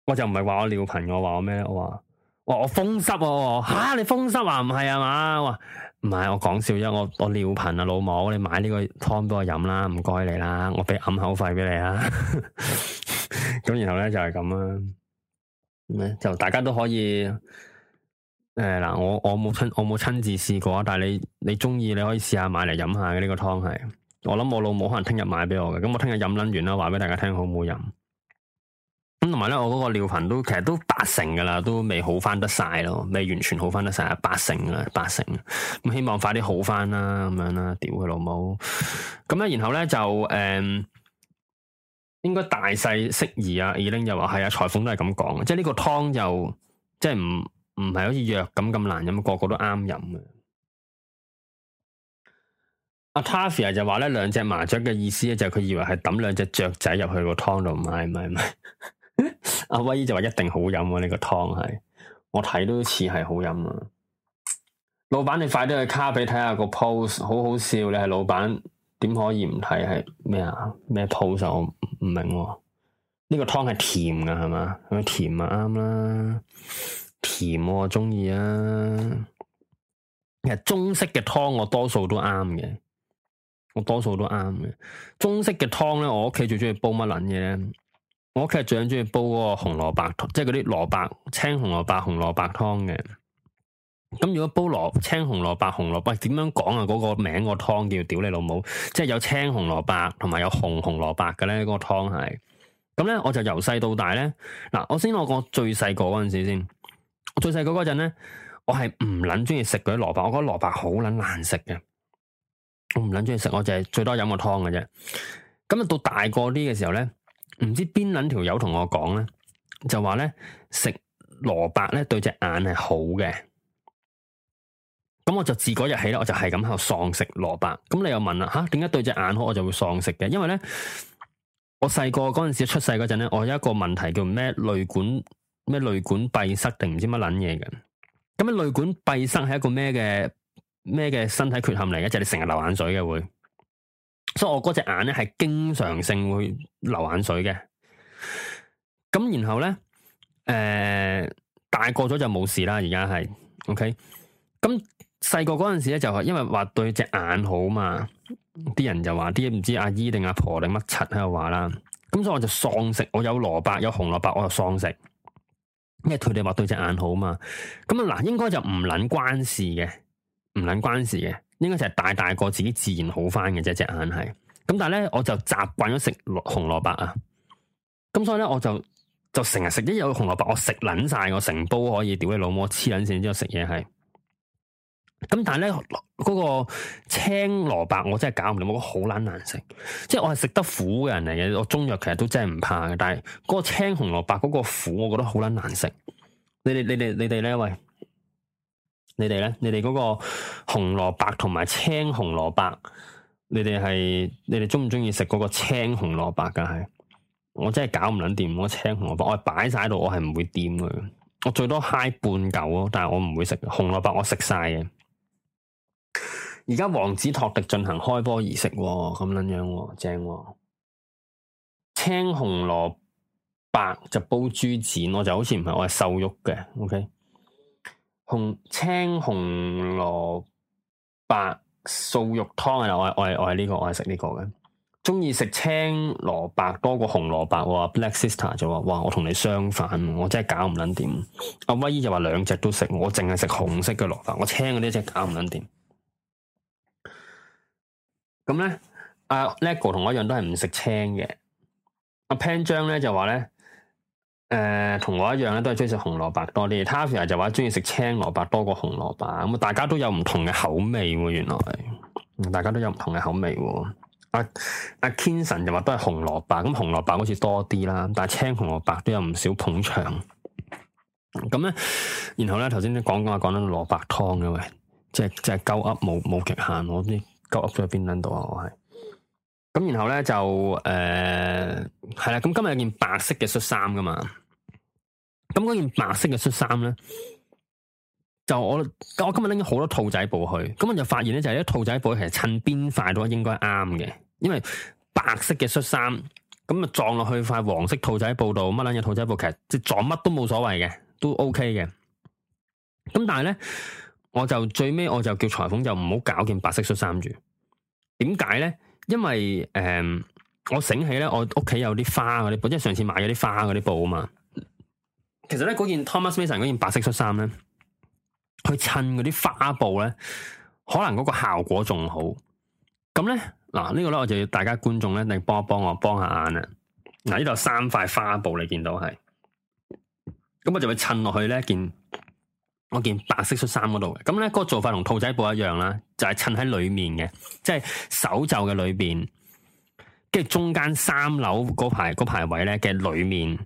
我就唔係話我尿頻，我話我咩？我話我風濕。吓你風濕啊？唔係啊嘛？唔係，我講笑啫，我我尿頻啊，老母，你買呢個湯俾我飲啦，唔該你啦，我畀掩口費畀你啦。咁 <laughs> 然後咧就係咁啦，就，是，就大家都可以，誒、呃、嗱，我我冇親，我冇親自試過啊，但係你你中意你可以試下買嚟飲下嘅呢、呢個湯係，我諗我老母可能聽日買俾我嘅，咁我聽日飲撚完啦，話畀大家聽好唔好飲。同埋咧，我嗰個尿頻都其實都八成噶啦，都未好翻得晒咯，未完全好翻得晒，八成啦，八成。咁希望快啲好翻啦，咁樣啦，屌佢、啊、老母！咁咧，然後咧就誒、嗯，應該大細適宜啊。二 ling 就話係啊，裁縫都係咁講，即係呢個湯就即係唔唔係好似藥咁咁難飲，個個都啱飲嘅。阿 Tavia 就話咧，兩隻麻雀嘅意思咧，就係佢以為係抌兩隻雀仔入去個湯度，唔係唔係唔係。阿威姨就話一定好飲喎，呢個湯係，我睇都似係好飲啊！老闆，你快啲去卡俾睇下個 pose，好好笑！你係老闆，點可以唔睇？係咩啊？咩 pose？我唔明。呢個湯係甜噶係嘛？咪甜啊，啱啦，甜我中意啊。其實中式嘅湯我多數都啱嘅，我多數都啱嘅。中式嘅湯咧，我屋企最中意煲乜捻嘢咧？我屋企係最中意煲個紅蘿蔔，即係嗰啲蘿蔔、青紅蘿蔔、紅蘿蔔湯嘅。咁如果煲蘿、青紅蘿蔔紅蘿蔔，點樣講啊？嗰個名個湯叫屌你老母，即係有青紅蘿蔔同埋有紅紅蘿蔔嘅咧。嗰個湯係咁咧，我就由細到大咧。嗱，我先我講最細個嗰陣時先，最細個嗰陣咧，我係唔撚中意食嗰啲蘿蔔，我覺得蘿蔔好撚難食嘅。我唔撚中意食，我就係最多飲個湯嘅啫。咁啊，到大個啲嘅時候咧。唔知邊捻條友同我講咧，就話咧食蘿蔔咧對隻眼係好嘅，咁我就自嗰日起咧，我就係咁喺度喪食蘿蔔。咁你又問啦，吓點解對隻眼好，我就會喪食嘅？因為咧，我細個嗰陣時出世嗰陣咧，我有一個問題叫咩淚管咩淚管閉塞定唔知乜捻嘢嘅。咁咧淚管閉塞係一個咩嘅咩嘅身體缺陷嚟？即係你成日流眼水嘅會。所以我嗰隻眼咧係經常性會流眼水嘅，咁然後咧，誒，大個咗就冇事啦，而家係，OK，咁細個嗰陣時咧就係因為話對隻眼好嘛，啲人就話啲唔知阿姨定阿婆定乜柒喺度話啦，咁所以我就喪食，我有蘿蔔有紅蘿蔔我就喪食，因為佢哋話對隻眼好嘛，咁啊嗱，應該就唔撚關事嘅，唔撚關事嘅。應該就係大大個自己自然好翻嘅啫，隻眼係。咁但係咧，我就習慣咗食紅蘿蔔啊。咁所以咧，我就就成日食一有紅蘿蔔，我食捻晒，我成煲可以屌你老母黐捻線，之後食嘢係。咁但係咧，嗰個青蘿蔔我真係搞唔掂，我覺得好捻難食。即係我係食得苦嘅人嚟嘅，我中藥其實都真係唔怕嘅。但係嗰個青紅蘿蔔嗰個苦，我覺得好捻難食。你哋你哋你哋呢位？你哋咧，你哋嗰個紅蘿蔔同埋青紅蘿蔔，你哋係你哋中唔中意食嗰個青紅蘿蔔噶？係我真係搞唔捻掂，我青紅蘿蔔我擺晒喺度，我係唔會掂佢，我最多嗨半嚿咯。但係我唔會食紅蘿蔔，我食晒嘅。而家王子托迪進行開波儀式，咁捻樣，這樣正，啊？青紅蘿蔔就煲豬展，我就好似唔係，我係瘦肉嘅。OK。紅青紅蘿蔔素肉湯啊！我係我係我係呢、這個，我係食呢個嘅，中意食青蘿蔔多過紅蘿蔔。我話 Black Sister 就話：「哇！我同你相反，我真係搞唔捻掂。」阿威姨就話兩隻都食，我淨係食紅色嘅蘿蔔，我青嗰啲真係搞唔捻掂。咁咧，阿、啊、Nego 同我一樣都係唔食青嘅。阿 Pan 張咧就話咧。誒同、呃、我一樣咧，都係中意食紅蘿蔔多啲。Tasha 就話中意食青蘿蔔多過紅蘿蔔。咁啊，大家都有唔同嘅口味喎。原來大家都有唔同嘅口味喎。阿阿 Kinson 就話都係紅蘿蔔，咁、嗯、紅蘿蔔好似多啲啦。但係青紅蘿蔔都有唔少捧場。咁咧，然後咧，頭先都講講下講緊蘿蔔湯嘅，即係即係鳩噏冇冇極限。我啲鳩噏咗喺邊撚度啊？我係。咁然後咧就誒係啦。咁、呃、今日有件白色嘅恤衫噶嘛？咁嗰件白色嘅恤衫咧，就我我今日拎咗好多兔仔布去，咁我就發現咧，就係啲兔仔布其實襯邊塊都應該啱嘅，因為白色嘅恤衫咁啊撞落去塊黃色兔仔布度，乜撚嘢兔仔布其實即係撞乜都冇所謂嘅，都 OK 嘅。咁但係咧，我就最尾我就叫裁縫就唔好搞件白色恤衫住。點解咧？因為誒、呃，我醒起咧，我屋企有啲花嗰啲布，即係上次買咗啲花嗰啲布啊嘛。其實咧，嗰件 Thomas Mason 嗰件白色恤衫咧，去襯嗰啲花布咧，可能嗰個效果仲好。咁咧嗱，呢個咧我就要大家觀眾咧，你幫一幫我，幫下眼啊！嗱，呢度有三塊花布你見到係，咁我就會襯落去咧件件白色恤衫嗰度。咁咧嗰個做法同兔仔布一樣啦，就係襯喺裏面嘅，即係手袖嘅裏面，跟住中間三樓嗰排排位咧嘅裏面。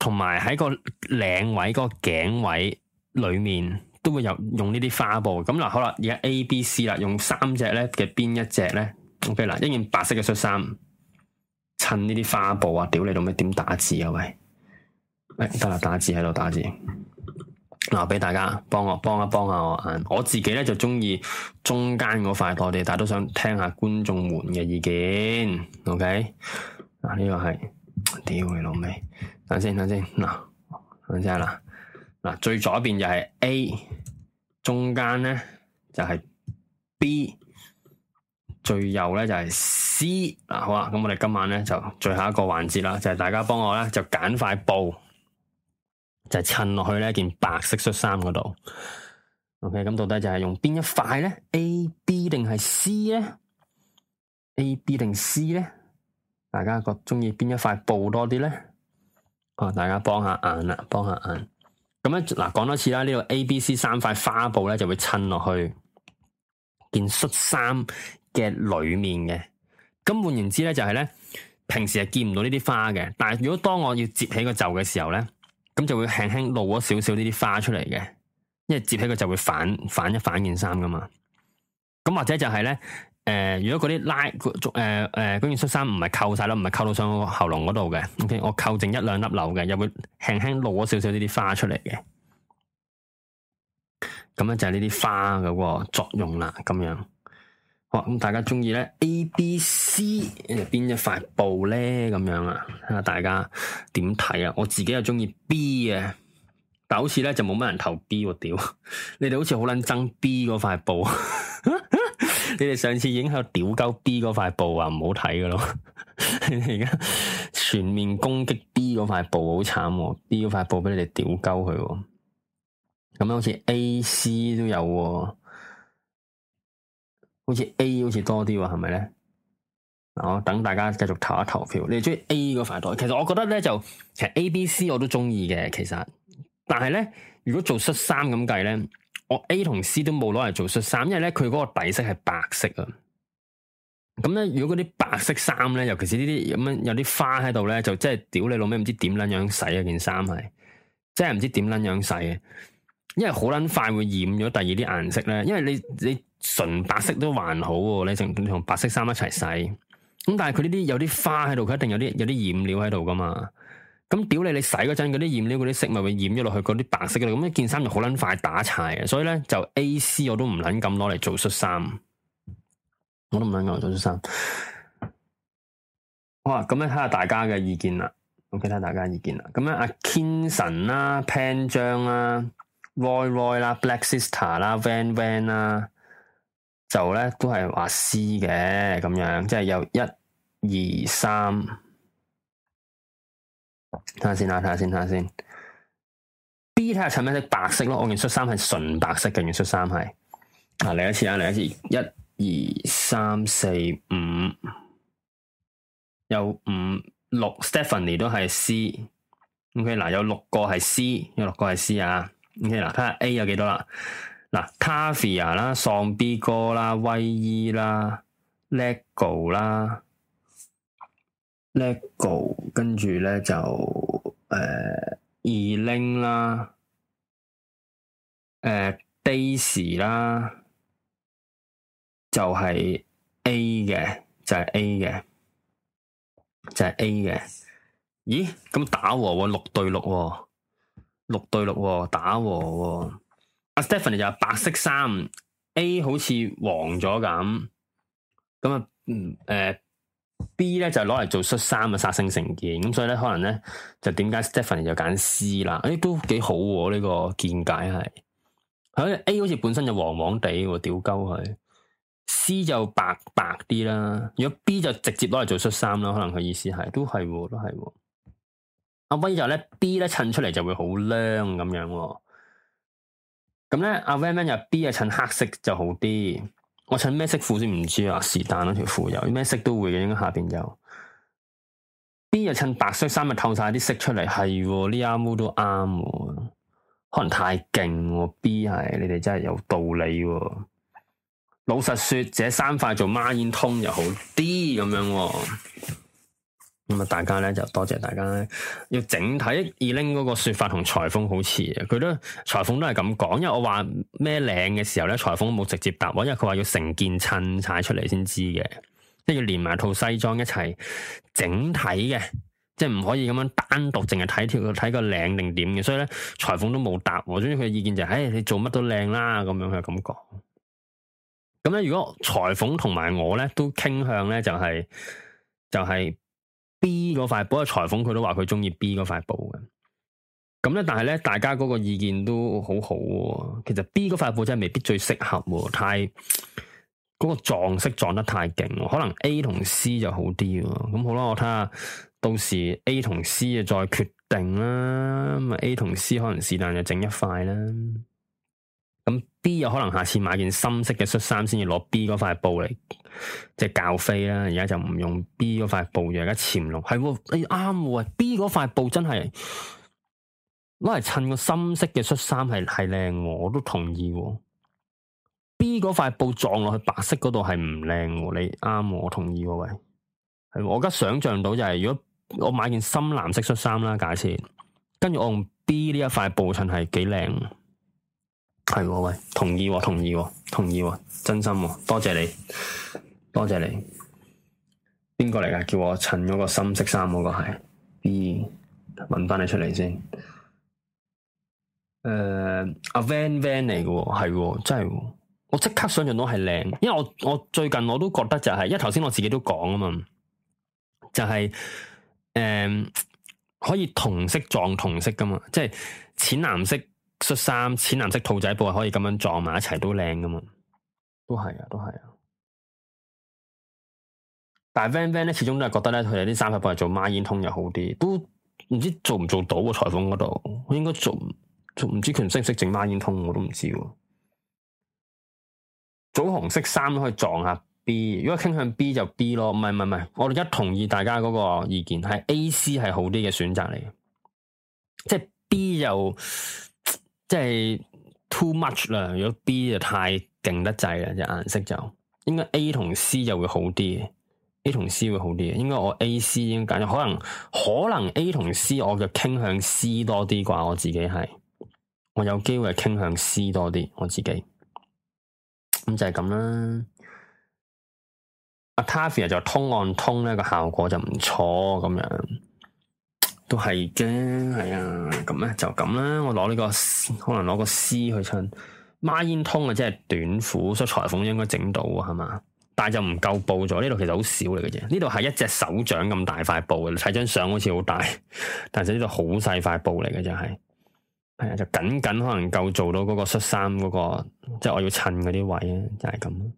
同埋喺個領位、嗰個頸位裏面，都會有用呢啲花布。咁嗱，好啦，而家 A、B、C 啦，用三隻咧嘅邊一隻咧？O.K. 嗱，一件白色嘅恤衫，襯呢啲花布啊！屌你老味，點打字啊？喂，誒、欸，得啦，打字喺度打字。嗱、啊，俾大家幫我幫一幫下我眼。我自己咧就中意中間嗰塊多啲，但係都想聽下觀眾們嘅意見。O.K. 嗱、啊，呢、這個係，屌你老味。等先，等先嗱，等先啦。嗱，最左邊就係 A，中間咧就係 B，最右咧就係 C。嗱，好啊，咁我哋今晚咧就最後一個環節啦，就係大家幫我咧就揀塊布，就襯落去咧件白色恤衫嗰度。OK，咁到底就係用邊一塊咧？A、B 定係 C 咧？A、B 定 C 咧？大家個中意邊一塊布多啲咧？啊！大家幫下眼啦，幫下眼。咁咧嗱，講多次啦，呢個 A、B、C 三塊花布咧就會襯落去件恤衫嘅裏面嘅。咁換言之咧、就係，就係咧平時係見唔到呢啲花嘅。但係如果當我要折起個袖嘅時候咧，咁就會輕輕露咗少少呢啲花出嚟嘅，因為折起個袖就會反反一反件衫噶嘛。咁或者就係咧。誒、呃，如果嗰啲拉，誒、呃、誒，呃、件恤衫唔係扣晒咯，唔係扣到上個喉嚨嗰度嘅，ok，我扣剩一兩粒紐嘅，又會輕輕露咗少少呢啲花出嚟嘅，咁咧就係呢啲花嘅、哦、作用啦，咁樣。好，咁大家中意咧，A、B、C 邊一塊布咧，咁樣啊？睇下大家點睇啊？我自己又中意 B 啊，但好似咧就冇乜人投 B，我屌， <laughs> 你哋好似好撚憎 B 嗰塊布。 <laughs> 你哋上次影響屌鳩 B 嗰塊布啊，唔好睇嘅咯，而 <laughs> 家全面攻擊 B 嗰塊布好慘喎、哦，B 嗰塊布俾你哋屌鳩佢，咁樣好似 A、C 都有喎、哦，好似 A 好似多啲喎、哦，係咪咧？嗱，等大家繼續投一投票，你哋中意 A 嗰塊多，其實我覺得咧就其實 A、B、C 我都中意嘅，其實，但係咧如果做恤衫咁計咧。我 A 同 C 都冇攞嚟做恤衫，因為咧佢嗰個底色係白色啊。咁咧，如果嗰啲白色衫咧，尤其是呢啲咁樣有啲花喺度咧，就真係屌你老味，唔知點捻樣洗啊件衫係，真係唔知點捻樣洗啊。因為好捻快會染咗第二啲顏色咧，因為你你純白色都還好，你淨同白色衫一齊洗，咁但係佢呢啲有啲花喺度，佢一定有啲有啲染料喺度噶嘛。咁屌你，你洗嗰陣嗰啲染料嗰啲色咪會染咗落去，嗰啲白色嘅啦，咁一件衫就好捻快打柴嘅，所以咧就 A.C. 我都唔捻敢攞嚟做恤衫，我都唔捻攞嚟做恤衫。好哇、啊，咁咧睇下大家嘅意見啦，OK，睇下大家嘅意見啦。咁咧阿 Kinson 啦、Panjang 啦、Roy Roy 啦、啊、Black Sister 啦、啊、Van Van 啦、啊，就咧都係話 C 嘅咁樣，即係有一二三。睇下先啦、啊，睇下先、啊，睇下先、啊。B 睇下襯咩色，白色咯。我件恤衫係純白色嘅，件恤衫係。啊，嚟一次啊，嚟一次。一、二、三、四、五，有五六。Stephanie 都係 C。OK，嗱、啊，有六個係 C，有六個係 C 啊。OK，嗱、啊，睇下 A 有幾多、啊、Tavia，啦。嗱，Tavia 啦，喪 B 哥啦，威 E 啦，LEGO 啦。Lego 跟住咧就誒二 l 啦，誒、呃、days 啦，就係、是、A 嘅就係、是、A 嘅就係、是、A 嘅，咦咁打和喎、哦、六對六喎，六對六喎、哦、打和喎、哦、阿 Stephanie 就係白色衫 <noise> A 好似黃咗咁，咁啊嗯誒。呃 B 咧就攞、是、嚟做恤衫嘅殺性成件，咁所以咧可能咧就點解 Stephanie 就揀 C 啦？誒、哎，都幾好呢、啊這個見解係。咁 A 好似本身就黃黃地，吊鳩佢。C 就白白啲啦，如果 B 就直接攞嚟做恤衫啦，可能佢意思係都係，都係、啊。阿威、啊、就咧 B 咧襯出嚟就會好靚咁樣。咁咧阿 Vman 又 B 啊襯黑色就好啲。我襯咩色褲先唔知啊，是但啦，條褲有咩色都會嘅，應該下邊有。B 又襯白色衫，又透晒啲色出嚟，係，呢啱毛都啱喎，可能太勁喎。B 係，你哋真係有道理喎。老實說，三塊 D，這三塊做孖煙通又好啲咁樣喎。咁啊，大家咧就多謝大家咧。要整體二拎嗰個說法同裁縫好似啊，佢都裁縫都係咁講。因為我話咩靚嘅時候咧，裁縫冇直接答我，因為佢話要成件襯晒出嚟先知嘅，即係要連埋套西裝一齊整體嘅，即係唔可以咁樣單獨淨係睇條睇個領定點嘅。所以咧，裁縫都冇答我。總之佢嘅意見就係，唉，你做乜都靚啦，咁樣佢咁講。咁咧，如果裁縫同埋我咧都傾向咧，就係就係。就是 B 嗰塊布，裁縫佢都話佢中意 B 嗰塊布嘅，咁咧，但係咧，大家嗰個意見都好好、啊，其實 B 嗰塊布真係未必最適合、啊，太嗰、嗰個撞色撞得太勁，可能 A 同 C 就好啲、啊，咁好啦，我睇下到時 A 同 C 啊再決定啦，咁啊 A 同 C 可能是但就整一塊啦。咁 B 有可能下次買件深色嘅恤衫，先至攞 B 嗰塊布嚟即係教飛啦。而家就唔用 B 嗰塊布，而家潛龍係，你啱喎。B 嗰塊布真係攞嚟襯個深色嘅恤衫係係靚，我都同意、啊。B 嗰塊布撞落去白色嗰度係唔靚，你啱、啊，我同意喎、啊，喂、啊。係我而家想象到就係、是，如果我買件深藍色恤衫啦，假設跟住我用 B 呢一塊布襯係幾靚。係喎，喂，同意同意喎，同意喎，哦哦，真心喎，哦，多謝你，多謝你，邊個嚟噶？叫我襯嗰個深色衫嗰個係 B，揾翻你出嚟先。誒，呃，阿 Van Van 嚟嘅喎，係喎，真係，哦，我即刻想象到係靚，因為我我最近我都覺得就係、是，因為頭先我自己都講啊嘛，就係、是、誒、呃、可以同色撞同色噶嘛，即係淺藍色。恤衫淺藍色兔仔布係可以咁樣撞埋一齊都靚噶嘛？都係啊，都係啊。但係 Van Van 咧，始終都係覺得咧，佢哋啲衫嘅布嚟做孖煙通又好啲。都唔知做唔做到個裁縫嗰度，應該做做唔知佢唔識唔識整孖煙通，我都唔知喎。棗紅色衫都可以撞下 B，如果傾向 B 就 B 咯。唔係唔係唔係，我哋而家同意大家嗰個意見，係 A C 係好啲嘅選擇嚟嘅，即係 B 就。即係 too much 啦，如果 B 就太勁得滯啦，隻顏色就應該 A 同 C 就會好啲，A 同 C 會好啲，應該我 A、C 應該揀，可能可能 A 同 C 我就傾向 C 多啲啩，我自己係我有機會係傾向 C 多啲，我自己咁就係咁啦。阿 Taffy 就通按通呢個效果就唔錯咁樣。都係嘅，係、哎、啊，咁咧就咁啦。我攞呢、這個可能攞個絲去襯孖煙通啊，即係短褲，所以裁縫應該整到啊，係嘛。但係就唔夠布咗呢度，其實好少嚟嘅啫。呢度係一隻手掌咁大塊布嘅，睇張相好似好大，但係呢度好細塊布嚟嘅就係係啊，就僅僅可能夠做到嗰個恤衫嗰個，即、就、係、是、我要襯嗰啲位啊，就係、是、咁。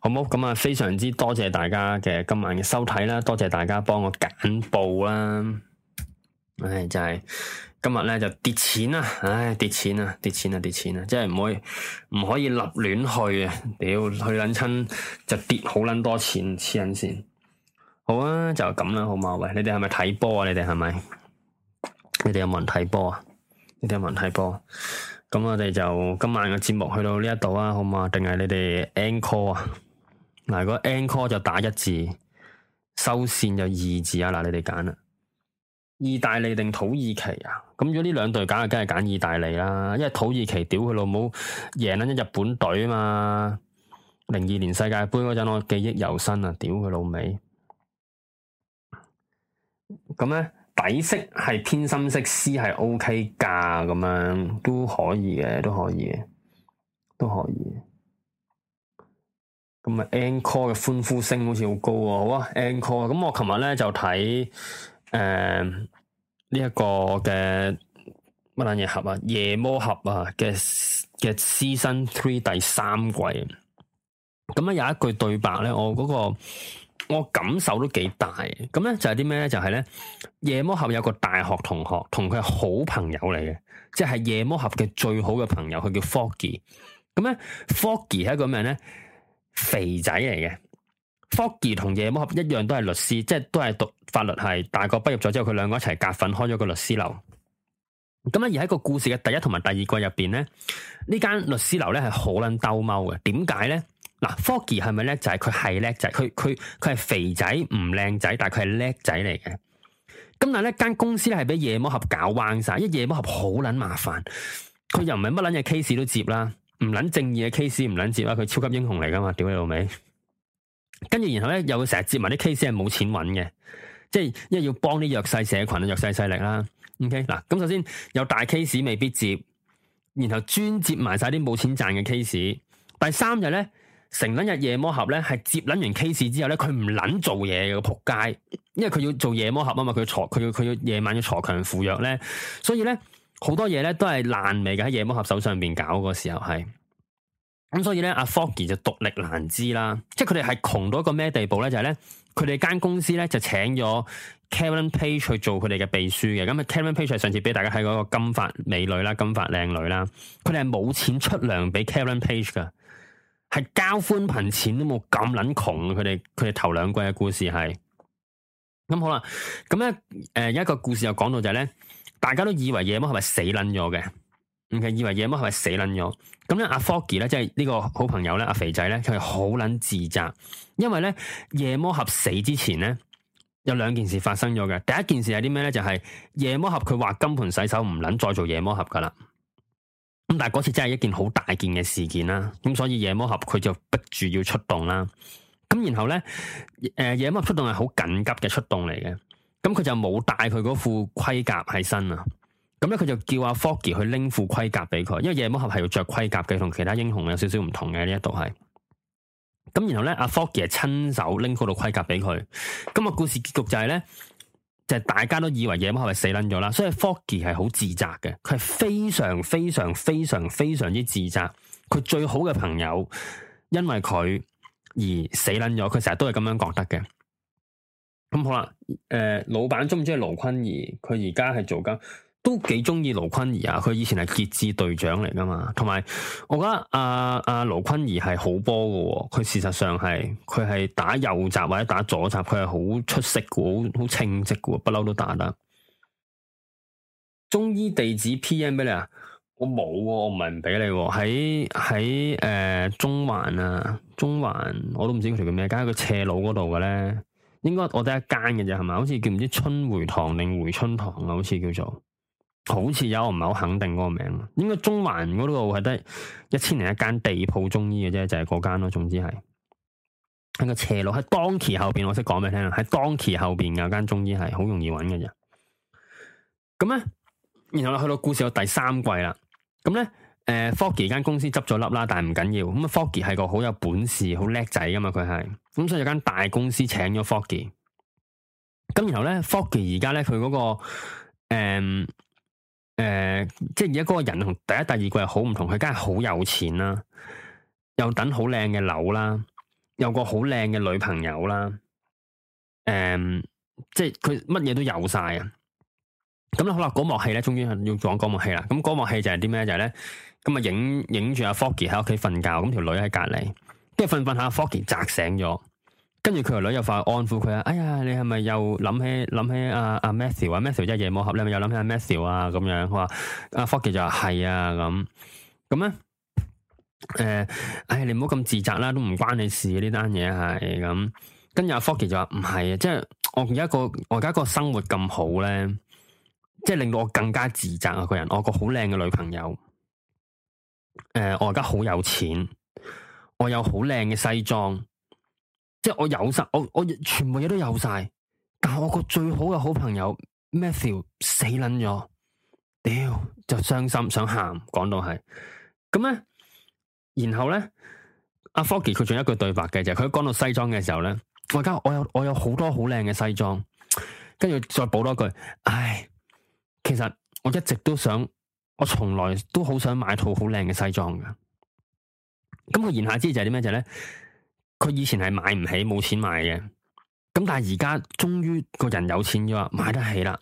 好唔好？咁啊，非常之多謝大家嘅今晚嘅收睇啦，多謝大家幫我揀布啦。唉，就係、哎、今日咧就跌錢啊！唉，跌錢啊，跌錢啊，跌錢啊！即係唔可以唔可以立亂去啊！屌，去撚親就跌好撚多錢黐撚線。好啊，就咁啦，好嘛？喂，你哋係咪睇波啊？你哋係咪？你哋有冇人睇波啊？你哋有冇人睇波、啊？咁我哋就今晚嘅節目去到呢一度啊，好嘛？定係你哋 anchor 啊？嗱，如果 anchor 就打一字，收線就二字啊！嗱，你哋揀啦。意大利定土耳其啊？咁如果呢兩隊揀，就梗係揀意大利啦。因為土耳其屌佢老母贏啦，因日本隊啊嘛。零二年世界杯嗰陣，我記憶猶新啊！屌佢老味！咁咧底色係偏深色，絲係 OK 價咁樣都可以嘅，都可以嘅，都可以。咁啊 Anchor 嘅歡呼聲好似好高啊！好啊 Anchor 咁我琴日咧就睇。誒，呢一、嗯這個嘅乜撚嘢俠啊，夜魔俠啊嘅嘅 season three 第三季，咁、嗯、咧有一句對白咧，我嗰、那個我感受都幾大，咁咧就係啲咩咧，就係、是、咧、就是、夜魔俠有個大學同學同佢係好朋友嚟嘅，即、就、係、是、夜魔俠嘅最好嘅朋友，佢叫 Foggy，咁、嗯、咧、嗯嗯、Foggy 係一個咩咧，肥仔嚟嘅。Foggy 同夜魔俠一樣都係律師，即係都係讀法律系。大個畢業咗之後，佢兩個一齊夾份開咗個律師樓。咁咧而喺個故事嘅第一同埋第二季入邊咧，呢間律師樓咧係好卵兜踎嘅。點解咧？嗱，Foggy 係咪叻仔？佢係叻仔。佢佢佢係肥仔，唔靚仔，但係佢係叻仔嚟嘅。咁但係咧，間公司係俾夜魔俠搞彎晒，一夜魔俠好卵麻煩。佢又唔係乜卵嘅 case 都接啦，唔卵正義嘅 case 唔卵接啦。佢超級英雄嚟㗎嘛？屌你老味。跟住，然後咧又會成日接埋啲 case 係冇錢揾嘅，即係因為要幫啲弱勢社群、弱勢勢力啦。OK，嗱，咁首先有大 case 未必接，然後專接埋晒啲冇錢賺嘅 case。第三日咧，成撚日夜魔俠咧係接撚完 case 之後咧，佢唔撚做嘢嘅仆街，因為佢要做夜魔俠啊嘛，佢鋤佢要佢要夜晚要鋤強扶弱咧，所以咧好多嘢咧都係爛尾嘅喺夜魔俠手上邊搞嗰時候係。咁所以咧，阿 Foggy 就獨力難支啦，即係佢哋係窮到一個咩地步咧？就係、是、咧，佢哋間公司咧就請咗 Karen Page 去做佢哋嘅秘書嘅。咁啊，Karen Page 上次俾大家睇嗰個金髮美女啦，金髮靚女啦，佢哋係冇錢出糧俾 Karen Page 噶，係交歡貧錢都冇咁捻窮。佢哋佢哋頭兩季嘅故事係咁好啦。咁咧，誒，有一個故事又講到就係咧，大家都以為夜晚係咪死捻咗嘅？唔係，以為夜魔俠死捻咗，咁咧阿 Foggy 咧，即係呢個好朋友咧，阿肥仔咧，佢係好捻自責，因為咧夜魔俠死之前咧，有兩件事發生咗嘅。第一件事係啲咩咧？就係、是、夜魔俠佢話金盆洗手，唔捻再做夜魔俠噶啦。咁但係嗰次真係一件好大件嘅事件啦。咁所以夜魔俠佢就逼住要出動啦。咁然後咧，誒，夜魔俠出動係好緊急嘅出動嚟嘅。咁佢就冇帶佢嗰副盔甲喺身啊。咁咧，佢就叫阿 Foggy 去拎副盔甲俾佢，因為夜魔俠係要着盔甲嘅，同其他英雄有少少唔同嘅，呢一度係。咁然後咧，阿、啊、Foggy 親手拎嗰套盔甲俾佢。咁個故事結局就係咧，就係、是、大家都以為夜魔俠係死卵咗啦，所以 Foggy 係好自責嘅，佢係非常非常非常非常之自責，佢最好嘅朋友因為佢而死撚咗，佢成日都係咁樣覺得嘅。咁、嗯、好啦，誒、呃，老闆鍾唔鍾意盧坤儀？佢而家係做緊。都幾中意盧坤怡啊！佢以前係傑志隊長嚟噶嘛，同埋我覺得阿、啊、阿、啊、盧坤怡係好波嘅喎，佢事實上係佢係打右閘或者打左閘，佢係好出色嘅，好好稱職嘅喎，不嬲都打得。中醫地址 PM 俾你啊！我冇、啊，我唔係唔俾你喎、啊。喺喺誒中環啊，中環我都唔知嗰條叫咩街，喺個斜路嗰度嘅咧，應該我得一間嘅啫，係咪？好似叫唔知春回堂定回春堂啊，好似叫做，好似有，我唔係好肯定嗰個名。應該中環嗰度係得一千零一間地鋪中醫嘅啫，就係、是、嗰間咯。總之係喺個斜路喺 Donkey 後邊，我識講俾你聽。喺 Donkey 後邊嘅間中醫係好容易揾嘅啫。咁咧，然後咧去到故事有第三季啦。咁咧，誒、呃、Foggy 間公司執咗粒啦，但係唔緊要。咁啊，Foggy 係個好有本事、好叻仔㗎嘛，佢係。咁所以有間大公司請咗 Foggy。咁然後咧，Foggy 而家咧佢嗰、嗰個、嗯誒、呃，即係而家嗰個人同第一、第二個係好唔同，佢梗係好有錢啦，又等好靚嘅樓啦，有個好靚嘅女朋友啦，誒、呃，即係佢乜嘢都有晒啊！咁啦，好啦，嗰幕戲咧，終於係要講嗰幕戲啦。咁嗰幕戲就係啲咩？就係、是、咧，咁啊，影影住阿 Foggy 喺屋企瞓覺，咁、那、條、個、女喺隔籬，跟住瞓瞓下，Foggy 紮醒咗。跟住佢個女又快安撫佢啊！哎呀，你係咪又諗起諗起阿阿 Matthew 啊？Matthew 即係夜魔俠，你咪又諗起阿 Matthew 啊？咁樣佢話阿 Forky 就話，係啊，咁咁咧，誒，哎，你唔好咁自責啦，都唔關你事嘅，呢單嘢係咁。跟住阿 Forky 就話唔係啊，嗯、啊，即係我而家個我而家個生活咁好咧，即係令到我更加自責啊！人個人我個好靚嘅女朋友，誒、呃、我而家好有錢，我有好靚嘅西裝。即係我有晒，我我全部嘢都有晒，但我個最好嘅好朋友 Matthew 死撚咗，屌！哎，就傷心想喊，講到係咁咧，然後咧阿 Foggy 佢仲有一句對白嘅就係佢講到西裝嘅時候咧，我而家我有我有好多好靚嘅西裝，跟住再補多句，唉，其實我一直都想，我從來都好想買套好靚嘅西裝嘅，咁佢言下之意就係點咩就係咧？佢以前係買唔起，冇錢買嘅。咁但係而家終於個人有錢咗，買得起啦。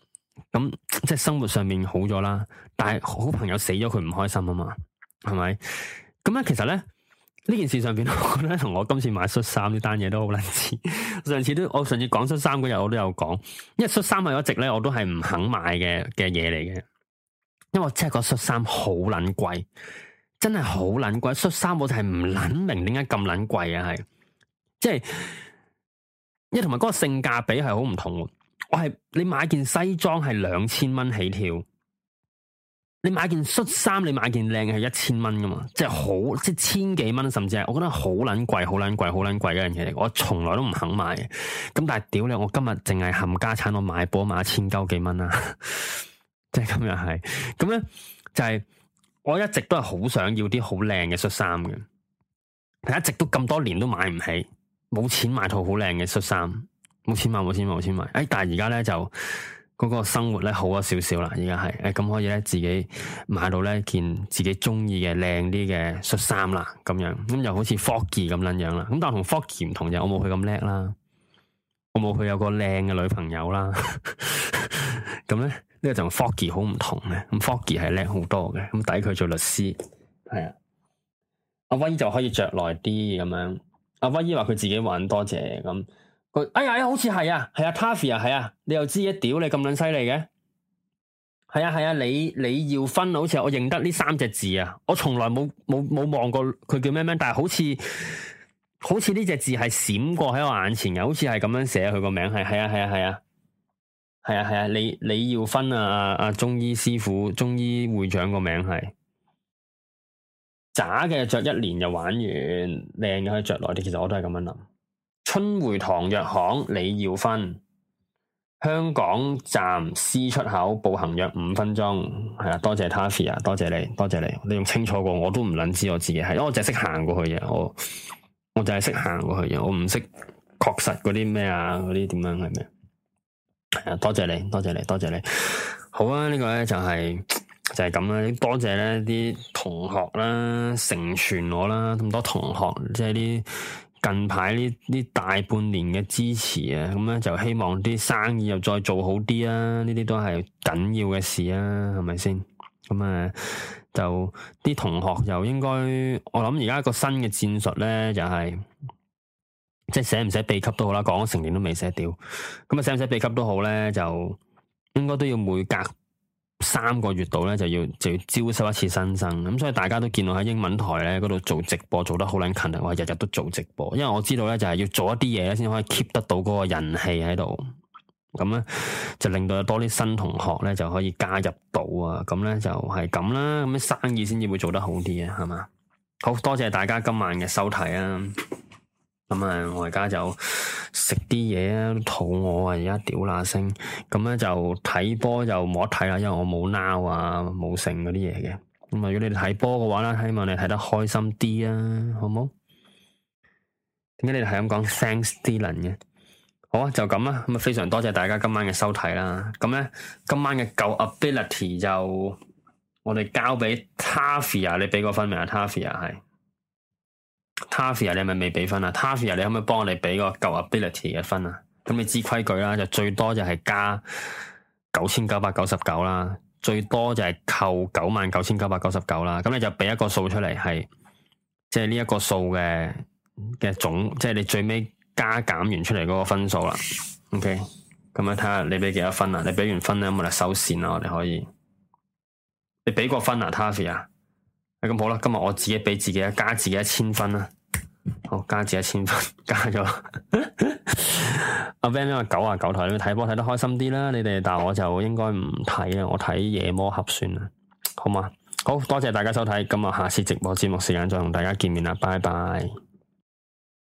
咁即係生活上面好咗啦。但係好朋友死咗，佢唔開心啊嘛，係咪？咁咧，其實咧呢件事上邊，我覺得同我今次買恤衫呢單嘢都好撚似。 <laughs> 上次都我上次講恤衫嗰日，我都有講，因為恤衫係我一直咧，我都係唔肯買嘅嘅嘢嚟嘅，因為我知係個恤衫好撚貴，真係好撚貴。恤衫我係唔撚明點解咁撚貴啊，係。即係，一同埋嗰個性價比係好唔同。我係你買件西裝係兩千蚊起跳，你買件恤衫，你買件靚嘅係一千蚊噶嘛？即係好，即係千幾蚊，甚至係我覺得好撚貴、好撚貴、好撚貴嗰樣嘢，我從來都唔肯買。咁但係屌你，我今日淨係冚家產，我買波買一千九幾蚊啊。 <laughs> 即係今日係咁咧，就係、是、我一直都係好想要啲好靚嘅恤衫嘅，一直都咁多年都買唔起。冇錢買套好靚嘅恤衫，冇錢買，冇錢買，冇錢買。誒、哎，但係而家咧就嗰個生活咧好咗少少啦，而家係誒咁可以咧自己買到咧件自己中意嘅靚啲嘅恤衫啦，咁樣咁就好似 Foggy 咁樣樣啦。咁但係同 Foggy 唔同就我冇佢咁叻啦，我冇佢有，有，有個靚嘅女朋友啦。咁 <laughs> 咧呢、這個就同 Foggy 好唔同嘅，咁 Foggy 係叻好多嘅，咁抵佢做律師係啊。阿威就可以着耐啲咁樣。阿威姨話佢自己玩多謝咁，佢哎呀，好似係啊，係啊 Taffy 啊，係啊，你又知一屌你咁撚犀利嘅，係啊係啊，李李耀芬，好似我認得呢三隻字啊，我從來冇冇冇望過佢叫咩名，但係好似好似呢隻字係閃過喺我眼前嘅，好似係咁樣寫佢個名係，係啊係啊係啊，係啊係啊，李李耀芬啊，阿阿中醫師傅、中醫會長個名係。假嘅着一年就玩完，靚嘅可以着耐啲。其實我都係咁樣諗。春回堂藥行，李耀芬，香港站 C 出口步行約五分鐘。係啊，多謝 Taffy 啊，多謝你，多謝你。你仲清楚過，我都唔諗知我自己係，因為我淨係識行過去嘅。我我淨係識行過去嘅，我唔識確實嗰啲咩啊，嗰啲點樣係咩？係啊，多謝你，多謝你，多謝你。好啊，呢、這個咧就係、是。就係咁啦，多謝咧啲同學啦，成全我啦，咁多同學即係啲近排呢呢大半年嘅支持啊，咁、嗯、咧就希望啲生意又再做好啲啊，呢啲都係緊要嘅事啊，係咪先？咁、嗯、啊，就啲同學又應該，我諗而家一個新嘅戰術咧，就係即係寫唔寫秘笈都好啦，講咗成年都未寫掉，咁啊寫唔寫秘笈都好咧，就應該都要每隔。三個月度咧就要就要招收一次新生，咁所以大家都見到喺英文台咧嗰度做直播做得好撚勤力。我日日都做直播，因為我知道咧就係要做一啲嘢咧先可以 keep 得到嗰個人氣喺度，咁咧就令到有多啲新同學咧就可以加入到啊，咁咧就係咁啦，咁生意先至會做得好啲啊，係嘛？好多謝大家今晚嘅收睇啊！咁啊、嗯，我而家就食啲嘢啊，肚餓啊，而家屌乸星。咁、嗯、咧就睇波就冇得睇啦，因為我冇 Now 啊，冇剩嗰啲嘢嘅。咁、嗯、啊，如果你哋睇波嘅話啦，希望你睇得開心啲啊，好冇？好？點解你哋係咁講 thanks Dylan 嘅、啊？好啊，就咁啦、啊。咁、嗯、啊，非常多謝大家今晚嘅收睇啦。咁、嗯、咧，今晚嘅舊 ability 就我哋交俾 Taffy 啊，你俾個分明啊，Taffy 啊係。Taffy，、ah, 你係咪未俾分啊？Taffy，、ah, 你可唔可以幫我哋俾個舊 ability 嘅分啊？咁你知規矩啦，就最多就係加九千九百九十九啦，最多就係扣九萬九千九百九十九啦。咁你就俾一個數出嚟，係即係呢一個數嘅嘅總，即、就、係、是、你最尾加減完出嚟嗰個分數啦。OK，咁啊睇下你俾幾多分啊？你俾完分咧，咁我哋收線啦，我哋可以。你俾個分啊 Taffy 啊、ah? 咁、嗯、好啦，今日我自己俾自己加自己一千分啦，好加自己一千分，加咗。阿 Van 因為，九啊九台，你睇波睇得開心啲啦，你哋，但係我就應該唔睇啊，我睇夜魔俠算啦，好嘛？好多謝大家收睇，咁啊，下次直播節目時間再同大家見面啦，拜拜。